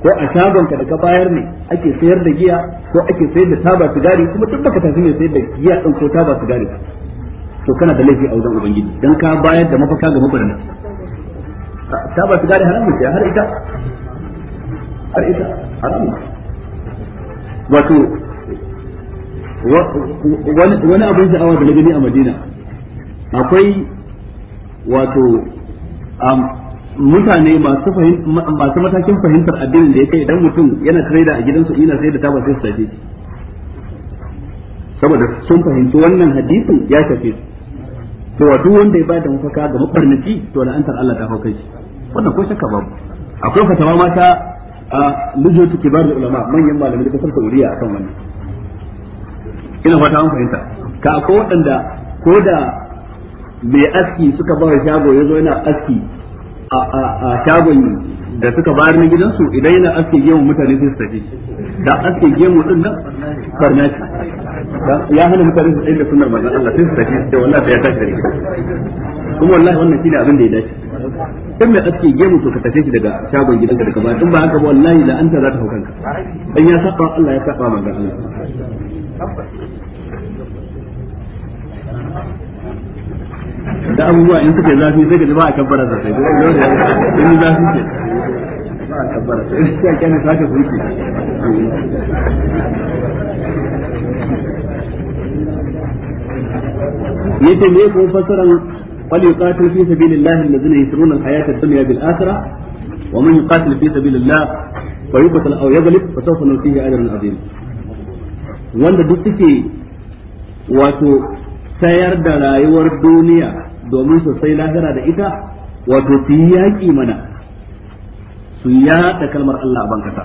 ko a shagon ka da ka bayar ne ake sayar da giya ko ake sayar da taba sigari kuma duk baka tafi ne sayar da giya din ko taba sigari to kana da laifi a wajen ubangiji dan ka bayar da mafaka ga mabarna taba sigari haramun ce har ita har ita haramun wato wani abin awa da gani a madina akwai wato mutane masu masu matakin fahimtar addinin da ya kai idan mutum yana trader a gidansa ina sai da ta sai su tafi saboda sun fahimci wannan hadisin ya tafi to wato duk wanda ya bada mafaka ga mabarnaci to la'antar Allah ta haukai kai wannan ko shakka babu akwai fatawa mata a lujoti kibar da ulama manyan malamai da kasar Saudiya akan wannan ina fata mun fahimta ka akwai waɗanda ko da mai aski suka ba shago ya zo yana aski a shagon da suka bayar na gidansu idan yana aski gemu mutane sai su tafi da aski gemu din nan barna ce ya hana mutane su tsaye sunnar manzon Allah sai su tafi da wallahi sai ya tashi dare kuma wallahi wannan shine abin da ya dace dan mai aski gemu to ka tafi shi daga shagon gidanka daga ba in ba haka ba wallahi la anta za ta haukanka dan ya saba Allah ya saba manzon Allah da abubuwa in suka zafi sai ka ji ba a kabbara da sai in zafi ke ba a kabbara sai ka ne saka zuci yace ne ko fasaran wal yuqatil fi sabilillahi allazina yusruna al-hayata ad-dunya bil akhirah wa man yuqatil fi sabilillah fa yuqtal aw yaghlib fa sawfa nutihi ajran azim wanda duk suke wato sayar da rayuwar duniya domin su sai lahira da ita wato su yi yaƙi mana su yaɗa kalmar Allah a bankasa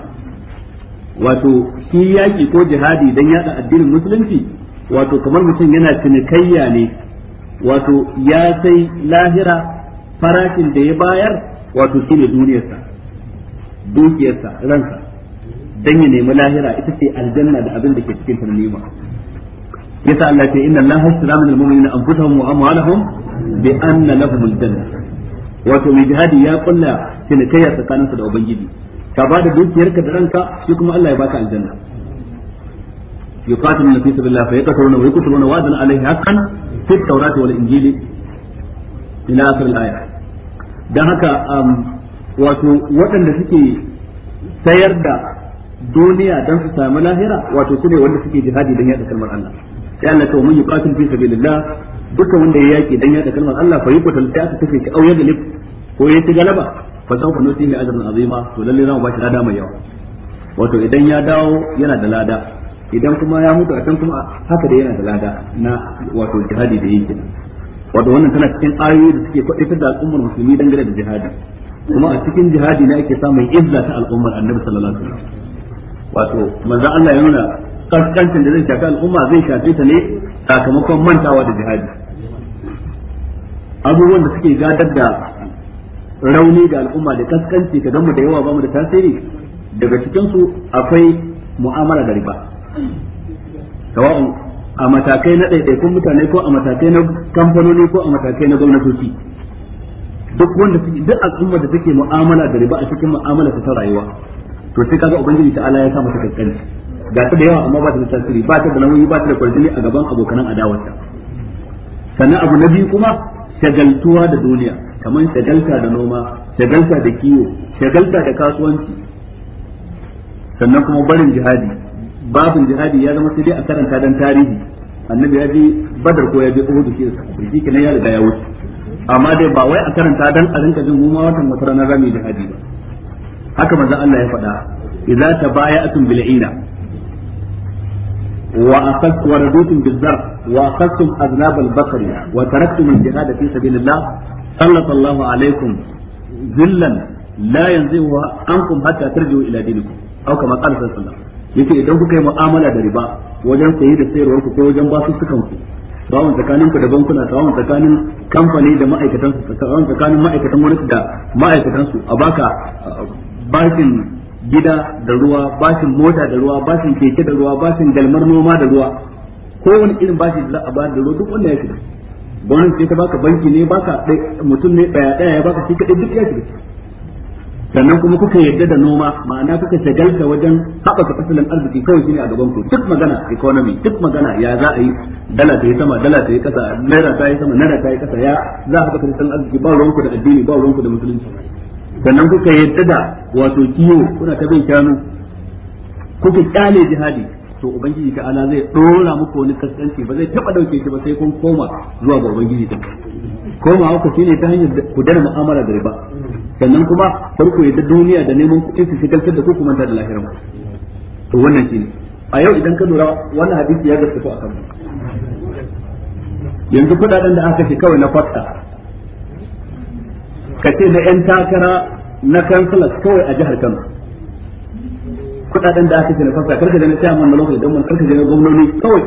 wato shi yaƙi ko jihadi don yaɗa addinin musulunci wato kamar mutum yana cinikayya ne wato ya sai lahira farashin da ya bayar wato shi ne duniyarsa dukiyarsa ransa don ya nemi lahira ita ce aljanna da abin da ke cikin ta nima yasa Allah ce inna Allah hasira min al-mu'minina anfusahum wa amwalahum bi anna lahumul janna wato mai jihadi ya kulla cinikayya tsakaninsa da ubangiji ka ba da dukiyarka da ranka shi kuma Allah ya baka aljanna yuqatiluna fi sabilillah fa yaqtuluna wa yuqtaluna wa'dan alayhi haqqan fi at-taurati wal injili ila akhir al-aya dan haka um, wato waɗanda suke sayar da duniya dan su samu lahira wato su ne wanda suke jihadi dan yaɗa kalmar Allah ya Allah to mun yuqatil fi sabilillah dukkan wanda ya yaki dan yada kalmar Allah fa yuqtal ta ta kace ki auya galib ko ya ci galaba fa fa nuti mai ajrin azima to lalle zan ba shi lada mai yawa wato idan ya dawo yana da lada idan kuma ya mutu a can kuma haka da yana da lada na wato jihadi da yake wato wannan tana cikin ayoyi da suke faɗi da al'ummar musulmi dangane da jihadi kuma a cikin jihadi ne ake samun izza ta al'ummar annabi sallallahu alaihi wasallam wato manzo Allah ya nuna kaskancin da zai shafi al'umma zai shafe ta ne sakamakon mantawa da jihadi abubuwan da suke gadar da rauni ga al'umma da kaskanci ka mu da yawa ba mu da tasiri daga cikinsu akwai mu'amala da riba a matakai na ɗaiɗaikun mutane ko a matakai na kamfanoni ko a matakai na gwamnatoci duk wanda suke duk al'umma da take mu'amala da riba a cikin mu'amala ta rayuwa to sai kaga ubangiji ta'ala ya sa mata kaskanci ga ta da yawa amma ba ta da tasiri ba ta da nauyi ba ta da kwarjini a gaban abokanan adawarta sannan abu na biyu kuma shagaltuwa da duniya kamar shagalta da noma shagalta da kiwo shagalta da kasuwanci sannan kuma barin jihadi babin jihadi ya zama sai dai a karanta dan tarihi annabi ya je badar ko ya je uhud shi shi kenan ya riga ya wuce amma dai ba wai a karanta dan a rinka jin goma watan wata ranar rami jihadi ba haka manzon Allah ya faɗa idza tumbila bil'ina واخذت ورديتم بالذر واخذتم اذناب البقر وتركتم الجهاد في سبيل الله سلط الله عليكم ذلا لا ينزعه عنكم حتى ترجعوا الى دينكم او كما قال صلى الله عليه وسلم yace idan kuka yi mu'amala da riba wajen saye da sayarwar ku ko wajen basu sukan ku bawon tsakanin ku da bankuna bawon tsakanin kamfani da ma'aikatan su bawon tsakanin ma'aikatan gwamnati da ma'aikatan su a baka bakin gida da ruwa bashin mota da ruwa bashin keke da ruwa bashin dalmar noma da ruwa kowane irin bashi da za a bayar da ruwa duk wanda ya shiga gwamnati ce ta baka banki ne baka mutum ne daya daya ya baka shi kaɗai duk ya shiga sannan kuma kuka yadda da noma ma'ana kuka shagalta wajen haɓaka fasalin arziki kawai shine a gaban ku duk magana economy duk magana ya za a yi dala ta yi sama dala ta yi kasa naira ta yi sama naira ta yi kasa ya za a haɓaka fasalin arziki ba ruwanku da addini ba ruwanku da musulunci sannan kuka yadda da wato kiyo kuna ta bin shanu kuka kyale jihadi to ubangiji ta ala zai dora muku wani kaskanci ba zai taba dauke shi ba sai kun koma zuwa ga ubangiji ta koma ku shine ta hanyar ku dana mu'amala da riba sannan kuma farko yadda duniya da neman kuɗi su shigar da ku kuma da lahirin to wannan shine a yau idan ka lura wannan hadisi ya gaskata akan mu yanzu kudaden da aka shi kawai na fakta ka ce da yan takara na kansula kawai a jihar Kano kudaden da aka ce na fasa karka da na chairman na don government karka da na gwamnoni kawai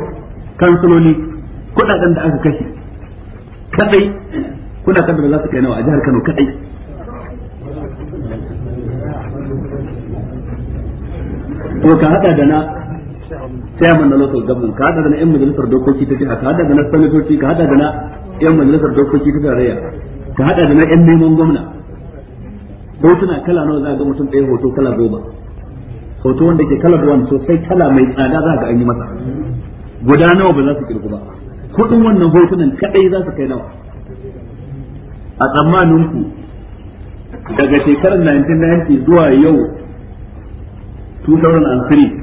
kansuloni kudaden da aka kashe kadai kuna da za su kai nawa a jihar Kano kadai to ka hada da na mun na lokacin government ka hada da na yan majalisar dokoki ta jiha ka hada da na sanatoci ka hada da na yan majalisar dokoki ta tarayya ka hada da na yan neman gwamna hotuna kala nawa za ga mutum ɗaya hoto kala goma hoto wanda ke kala ruwan sosai kala mai tsada za ga an yi masa guda nawa ba za su kirgu ba kudin wannan hotunan kadai za su kai nawa a tsammanin ku daga shekarar 1990 zuwa yau 2003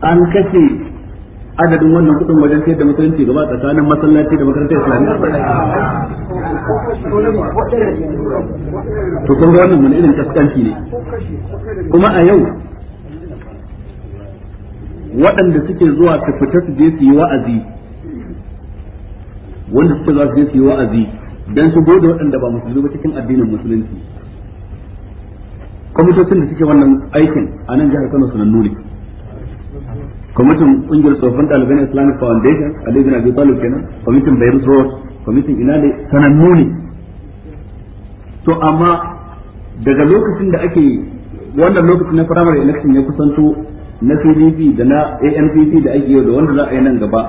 an kashe adadin wannan kudin wajen sayar da musulunci gaba tsakanin masallaci da makarantar islamiyya to kun ga wannan mun irin kaskanci ne kuma a yau waɗanda suke zuwa su fita su je su yi wa'azi wanda suke zuwa su je su yi wa'azi dan su gode waɗanda ba musulmi ba cikin addinin musulunci kwamitocin da suke wannan aikin a nan jihar Kano sanannu nuni. kwamitin ƙungiyar tsofin ɗalibai islamic foundation a lebanon abu talib kenan kwamitin beirut road kwamitin ina ne sanannu ne to amma daga lokacin da ake wannan lokacin na primary election ya kusanto na cdp da na anpp da ake yau da wanda za a yi nan gaba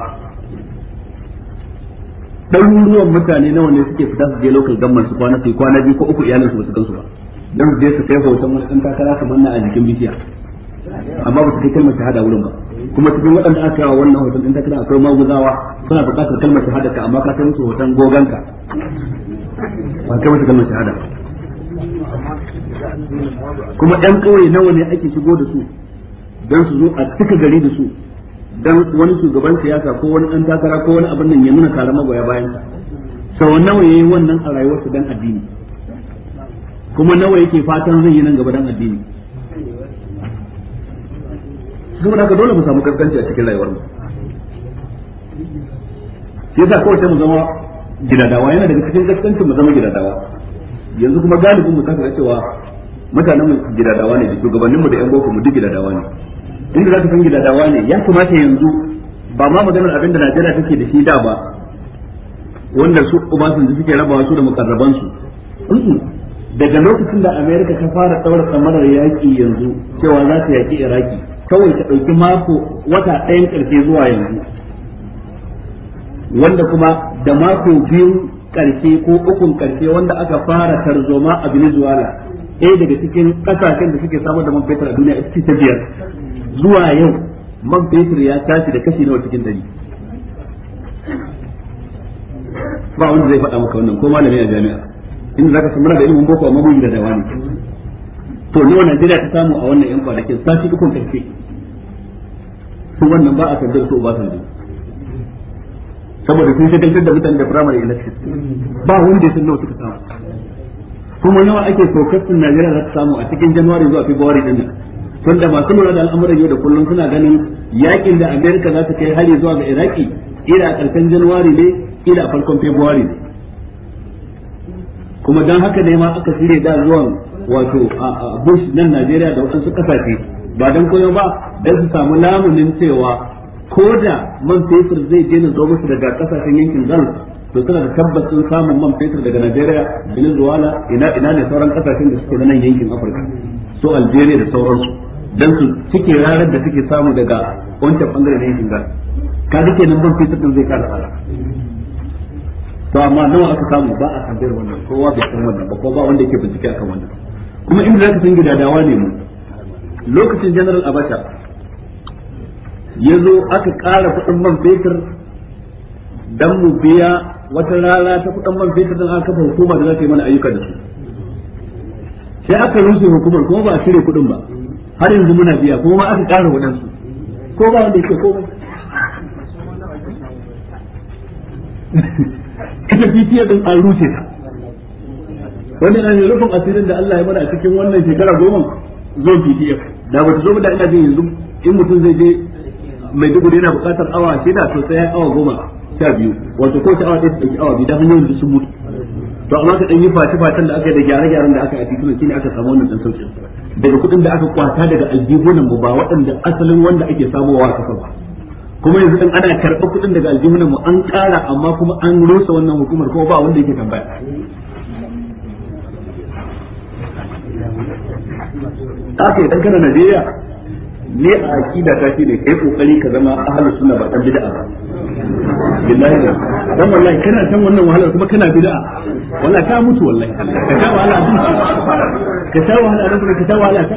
ɗaruruwan mutane nawa ne suke fita su je local government su kwana su kwana biyu ko uku iyalin su ba su gansu ba dan su je su kai hoton wani ɗan takara kamar na a jikin bishiya amma ba su kai kalmar shahada wurin ba kuma cikin waɗanda aka yawa wannan hoton din takarda akwai maguzawa suna buƙatar kalmar shahada ka amma ka kai musu hoton goganka ba kai musu kalmar shahada kuma ɗan ƙauye nawa ne ake shigo da su don su zo a cika gari da su don wani shugaban siyasa ko wani ɗan takara ko wani abin nan ya nuna tare magoya bayan sa sau nawa ya yi wannan a rayuwarsa dan addini kuma nawa yake fatan zai yi nan gaba dan addini saboda haka dole mu samu kaskanci a cikin rayuwar mu yasa kawai sai mu zama gidadawa yana daga cikin kaskancin mu zama gidadawa yanzu kuma galibin mu zaka cewa mutanen mu gidadawa ne da shugabannin mu da yan boko mu duk gidadawa ne inda za ka san gidadawa ne ya kamata yanzu ba ma maganar abin da Najeriya take da shi da ba wanda su sun suke rabawa su da mukarraban su daga lokacin da America ta fara tsawar tsamarar yaki yanzu cewa za ta yaki Iraki kawai ta ɗauki mako wata ɗayan ƙarshe zuwa yanzu wanda kuma da mako biyu ƙarshe ko ukun ƙarshe wanda aka fara tarzoma a venezuela ɗaya daga cikin ƙasashen da suke samar da man fetur a duniya ita ta biyar zuwa yau man fetur ya tashi da kashi nawa cikin dari ba wanda zai faɗa maka wannan ko malami a jami'a inda zaka san muna da ilimin boko amma mun da dawani to nawa Najeriya ta samu a wannan yan kwanakin sati ukun karfe su wannan ba a sandar su ba sandar saboda sun shagaltar da mutane da primary election ba wanda ya san nawa suka samu kuma nawa ake fokasin Najeriya za ta samu a cikin January zuwa February din nan tun da masu lura da al'amuran yau da kullum suna ganin yakin da Amerika za ta kai hari zuwa ga Iraki ila a karshen January ne ila a farkon February ne kuma don haka ne ma aka shirya da zuwan wato bush nan najeriya da wasu ƙasashe ba don koyo ba don su samu lamunin cewa ko da man fetur zai daina zo musu daga kasashen yankin zan to suna da tabbacin samun man fetur daga najeriya venezuela ina ina ne sauran kasashen da suke nan yankin afirka so algeria da sauransu don su suke rarar da suke samu daga wancan bangare na yankin zan ka duke nan man fetur din zai kara tsara to amma nawa aka samu ba a tambayar wannan kowa bai san wannan ba ko ba wanda yake bincike akan wannan kuma inda zaka san gidadawa ne mu lokacin general abacha ya zo aka ƙara kuɗin man fetur dan mu biya wata rana ta kuɗin man fetur don aka kafa hukuma da za ta yi mana ayyuka da su sai aka rushe hukumar kuma ba a cire kuɗin ba har yanzu muna biya kuma ba aka ƙara waɗansu ko ba wanda yake komai ita fitiyar din an rushe ta wani na ne rufin asirin da Allah ya mana a cikin wannan shekara goma zo PDF da ba zo da ina jin yanzu in mutum zai je mai dubu yana buƙatar awa shida to sai ya awa goma sha biyu wato ko awa ɗaya ta ɗauki awa biyu da hanyoyin da sun mutu to amma ka ɗan yi faci facen da aka yi da gyare gyaren da aka yi a titunan shine aka samu wannan dan saukin daga kuɗin da aka kwata daga aljihunan mu ba waɗanda asalin wanda ake samowa kasa ba kuma yanzu dan ana karɓar kuɗin daga aljihunan mu an ƙara amma kuma an rusa wannan hukumar ko ba wanda yake tambaya haka idan kana Najeriya ne a aqida ta ce ne kai kokari ka zama ahlus sunna ba dan bid'a ba billahi da dan wallahi kana san wannan wahalar kuma kana bid'a wallahi ka mutu wallahi ka ta wahala ka ta wahala da ka ta wahala ka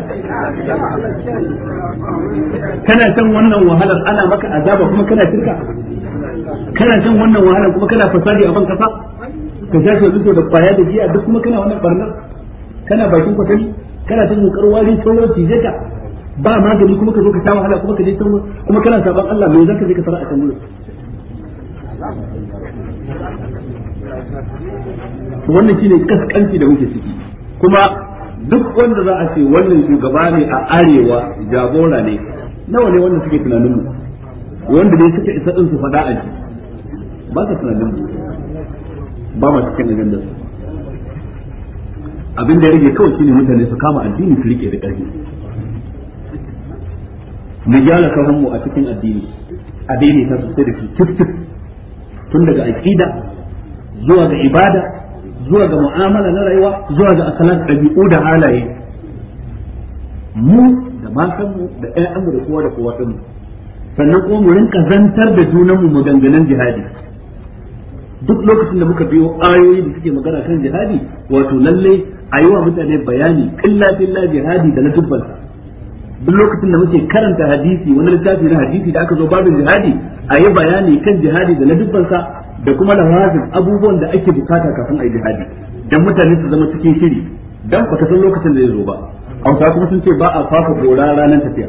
kana san wannan wahalar ana maka azaba kuma kana shirka kana san wannan wahalar kuma kana fasadi a ban kasa ka jaje da kwaya da giya duk kuma kana wannan barnar kana bakin kwatani kana ta zukar wari sauro zai ka ba magani kuma ka zo ka sha hala kuma ka je can kuma kana saban Allah me zaka je ka fara a kan gurin wannan shine kaskanci da muke ciki kuma duk wanda za a ce wannan shugaba ne a arewa jagora ne nawa ne wanda suke tunanin mu wanda ne suka isa din su fada a ji ba ka tunanin mu ba ma cikin nan da su abin da ya rage kawai shine mutane su kama addini su rike da ƙarfi mu gyara kawunmu a cikin addini addini ta sosai da kiftif tun daga aƙida zuwa ga ibada zuwa ga mu'amala na rayuwa zuwa ga asalan ɗabi'u da halaye mu da matanmu da ƴaƴanmu da kowa da kowa sannan kuma mu rinka zantar da junanmu maganganun jihadi duk lokacin da muka biyo ayoyi da suke magana kan jihadi wato lalle a yi mutane bayani killa jihadi da na dubbansa. duk lokacin da muke karanta hadisi wani littafi na hadisi da aka zo babin jihadi a yi bayani kan jihadi da na dubbansa, da kuma lawazin abubuwan da ake bukata kafin a yi jihadi dan mutane su zama cikin shiri dan ba san lokacin da ya zo ba hausa kuma sun ce ba a fafa gora ranar tafiya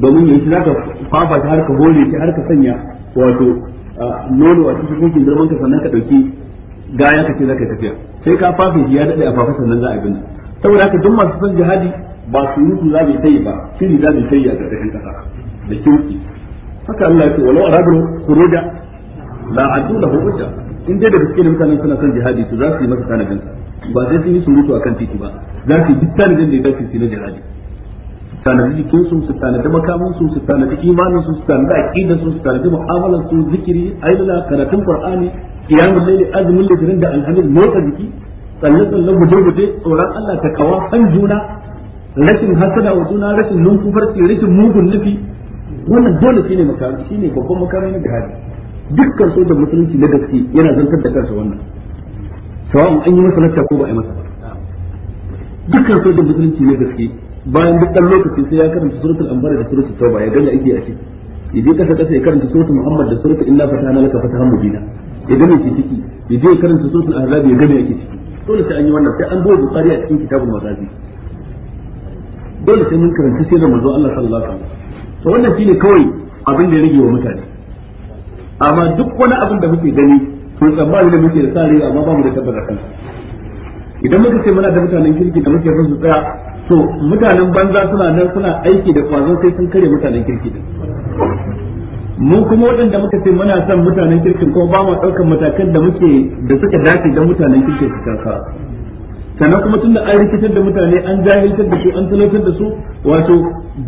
domin yanzu zaka fafa shi har ka hore shi, har ka sanya wato nono a cikin kuki girman ka sannan ka dauki gayan ka ce zaka tafiya sai ka fafe ya dade a fafa sannan za a binne saboda haka duk masu son jihadi ba su mutu za bai tayi ba shiri za bai tayi a ƙarƙashin ƙasa da kirki haka Allah ya ce walau aradu khuruja la adu lahu udda in dai da gaske da mutanen suna son jihadi to za su yi masa tanadin ba zai sun yi surutu akan titi ba za su yi duk tanadin da ya dace su na jihadi tanadi jikin su su tanadi makamin su su tanadi imanin su su tanadi aqidar su su tanadi mu'amalar su zikiri ayyuka karatun qur'ani qiyamul layli azmul litrin da alhamil motsa jiki tsalle tsalle guje guje tsoron Allah ta kawa san juna rashin hasada wa juna rashin numfarci rashin mugun nufi wannan dole shine makarami shine babban makarami da hadi dukkan so da musulunci na gaske yana zantar da kansa wannan sawan an yi masa lacca ko ba a yi masa ba dukkan sojin musulunci ne gaske bayan duk dan lokaci sai ya karanta suratul anfal da suratul tauba ya gane ake ake yaje kasa kasa ya karanta suratul muhammad da suratul inna fatana laka fatahan mubina ya gane shi ciki yaje ya karanta suratul ahzab ya gane ake ciki dole sai an yi wannan sai an buga Bukhari a cikin kitabul mazazi dole sai mun karanta sai da manzo Allah sallallahu alaihi wasallam to wannan shine kawai abin da ya rage wa mutane amma duk wani abin da muke gani mun tsammani ne muke da sa sare amma ba mu da tabbata kansa idan muka ce muna da mutanen kirki da muke son su tsaya to mutanen banza suna nan suna aiki da kwazon sai sun kare mutanen kirki din mu kuma waɗanda muka ce muna son mutanen kirkin kuma ba mu ɗaukar matakan da muke da suka dace don mutanen kirkin su kasa sannan kuma tunda an rikitar da mutane an jahiltar da su an talautar da su wato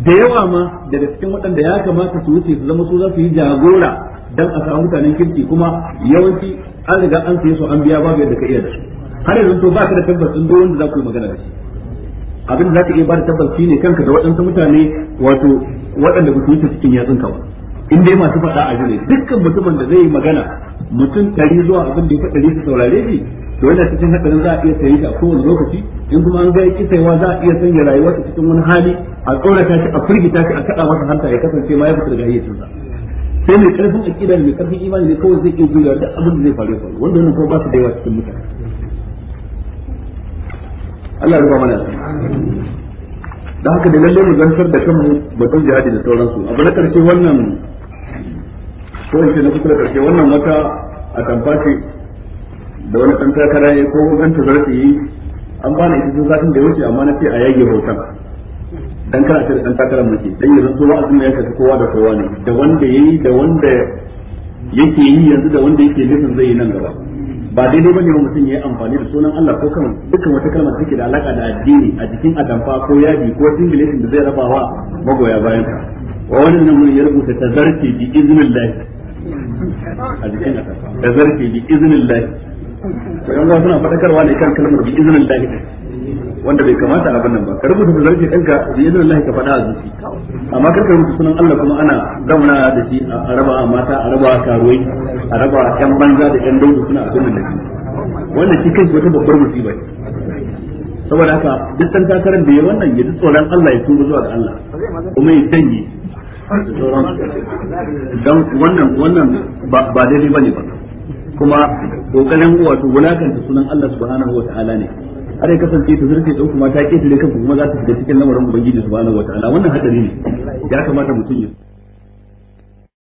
da yawa ma daga cikin waɗanda ya kamata su wuce su zama su za su yi jagora dan a samu mutanen kirki kuma yawanci an riga an saye su an biya babu yadda ka iya da su har yanzu to ba ka da tabbas din duk wanda za ku yi magana da shi abin da za ka iya ba da tabbas ne kanka da waɗansu mutane wato waɗanda ba su wuce cikin yatsunka ba in dai masu faɗa a jire dukkan mutumin da zai yi magana mutum ɗari zuwa abin da ya faɗa su saurare shi to yana cikin haɗarin za a iya sayi da kowane lokaci in kuma an ga ya kisaiwa za a iya sanya rayuwa cikin wani hali a tsorata shi a firgita shi a kaɗa masa hanta ya kasance ma ya fita daga hayyacinsa sai mai ƙarfin aƙida da mai ƙarfin imani ne kawai zai iya juyar da abin da zai faru faru wanda wannan kuma ba su da yawa cikin mutane Allah ya ruba mana da haka da lalle mu zantar da kanmu batun jihadi da sauransu abu na karshe wannan ko in ce na kusa da karshe wannan wata a tamfaci da wani ɗan takara ne ko ta zarafi yi an ba na ita zafin da ya wuce amma na ce a yage hoton dan kana ce da ɗan takara muke dan yanzu so wa'azin ya tafi kowa da kowa ne da wanda yayi da wanda yake yi yanzu da wanda yake nufin zai yi nan gaba ba daidai bane ba mutum yayi amfani da sunan Allah ko kan dukkan wata kalma da take da alaka da addini a jikin adamfa ko yadi ko singulatin da zai rabawa magoya bayan ka wa wannan mun ya rubuta tazarki bi iznillah a jikin adamfa tazarki bi iznillah ko suna fadakarwa ne kan kalmar bi iznillah wanda bai kamata abin nan ba ka rubuta zarfi ɗinka da izinin Allah ka faɗa a zuci amma kar ka rubuta sunan Allah kuma ana zauna da shi a raba a mata a raba a karuwai a raba a ƴan banza da ƴan daudu suna a sunan da shi wannan shi kai wata babbar musiba ce saboda haka duk san takarar da ya wannan ya ji tsoron Allah ya tuba zuwa ga Allah kuma ya janye don wannan wannan ba daidai bane ba kuma kokarin wato wulakanta sunan Allah subhanahu wa ta'ala ne har ya kasance ta zurfe ɗin kuma ta ƙetare kanku kuma za ta fita cikin lamarin ubangiji subhanahu wataala wannan hadari ne ya kamata mutum ya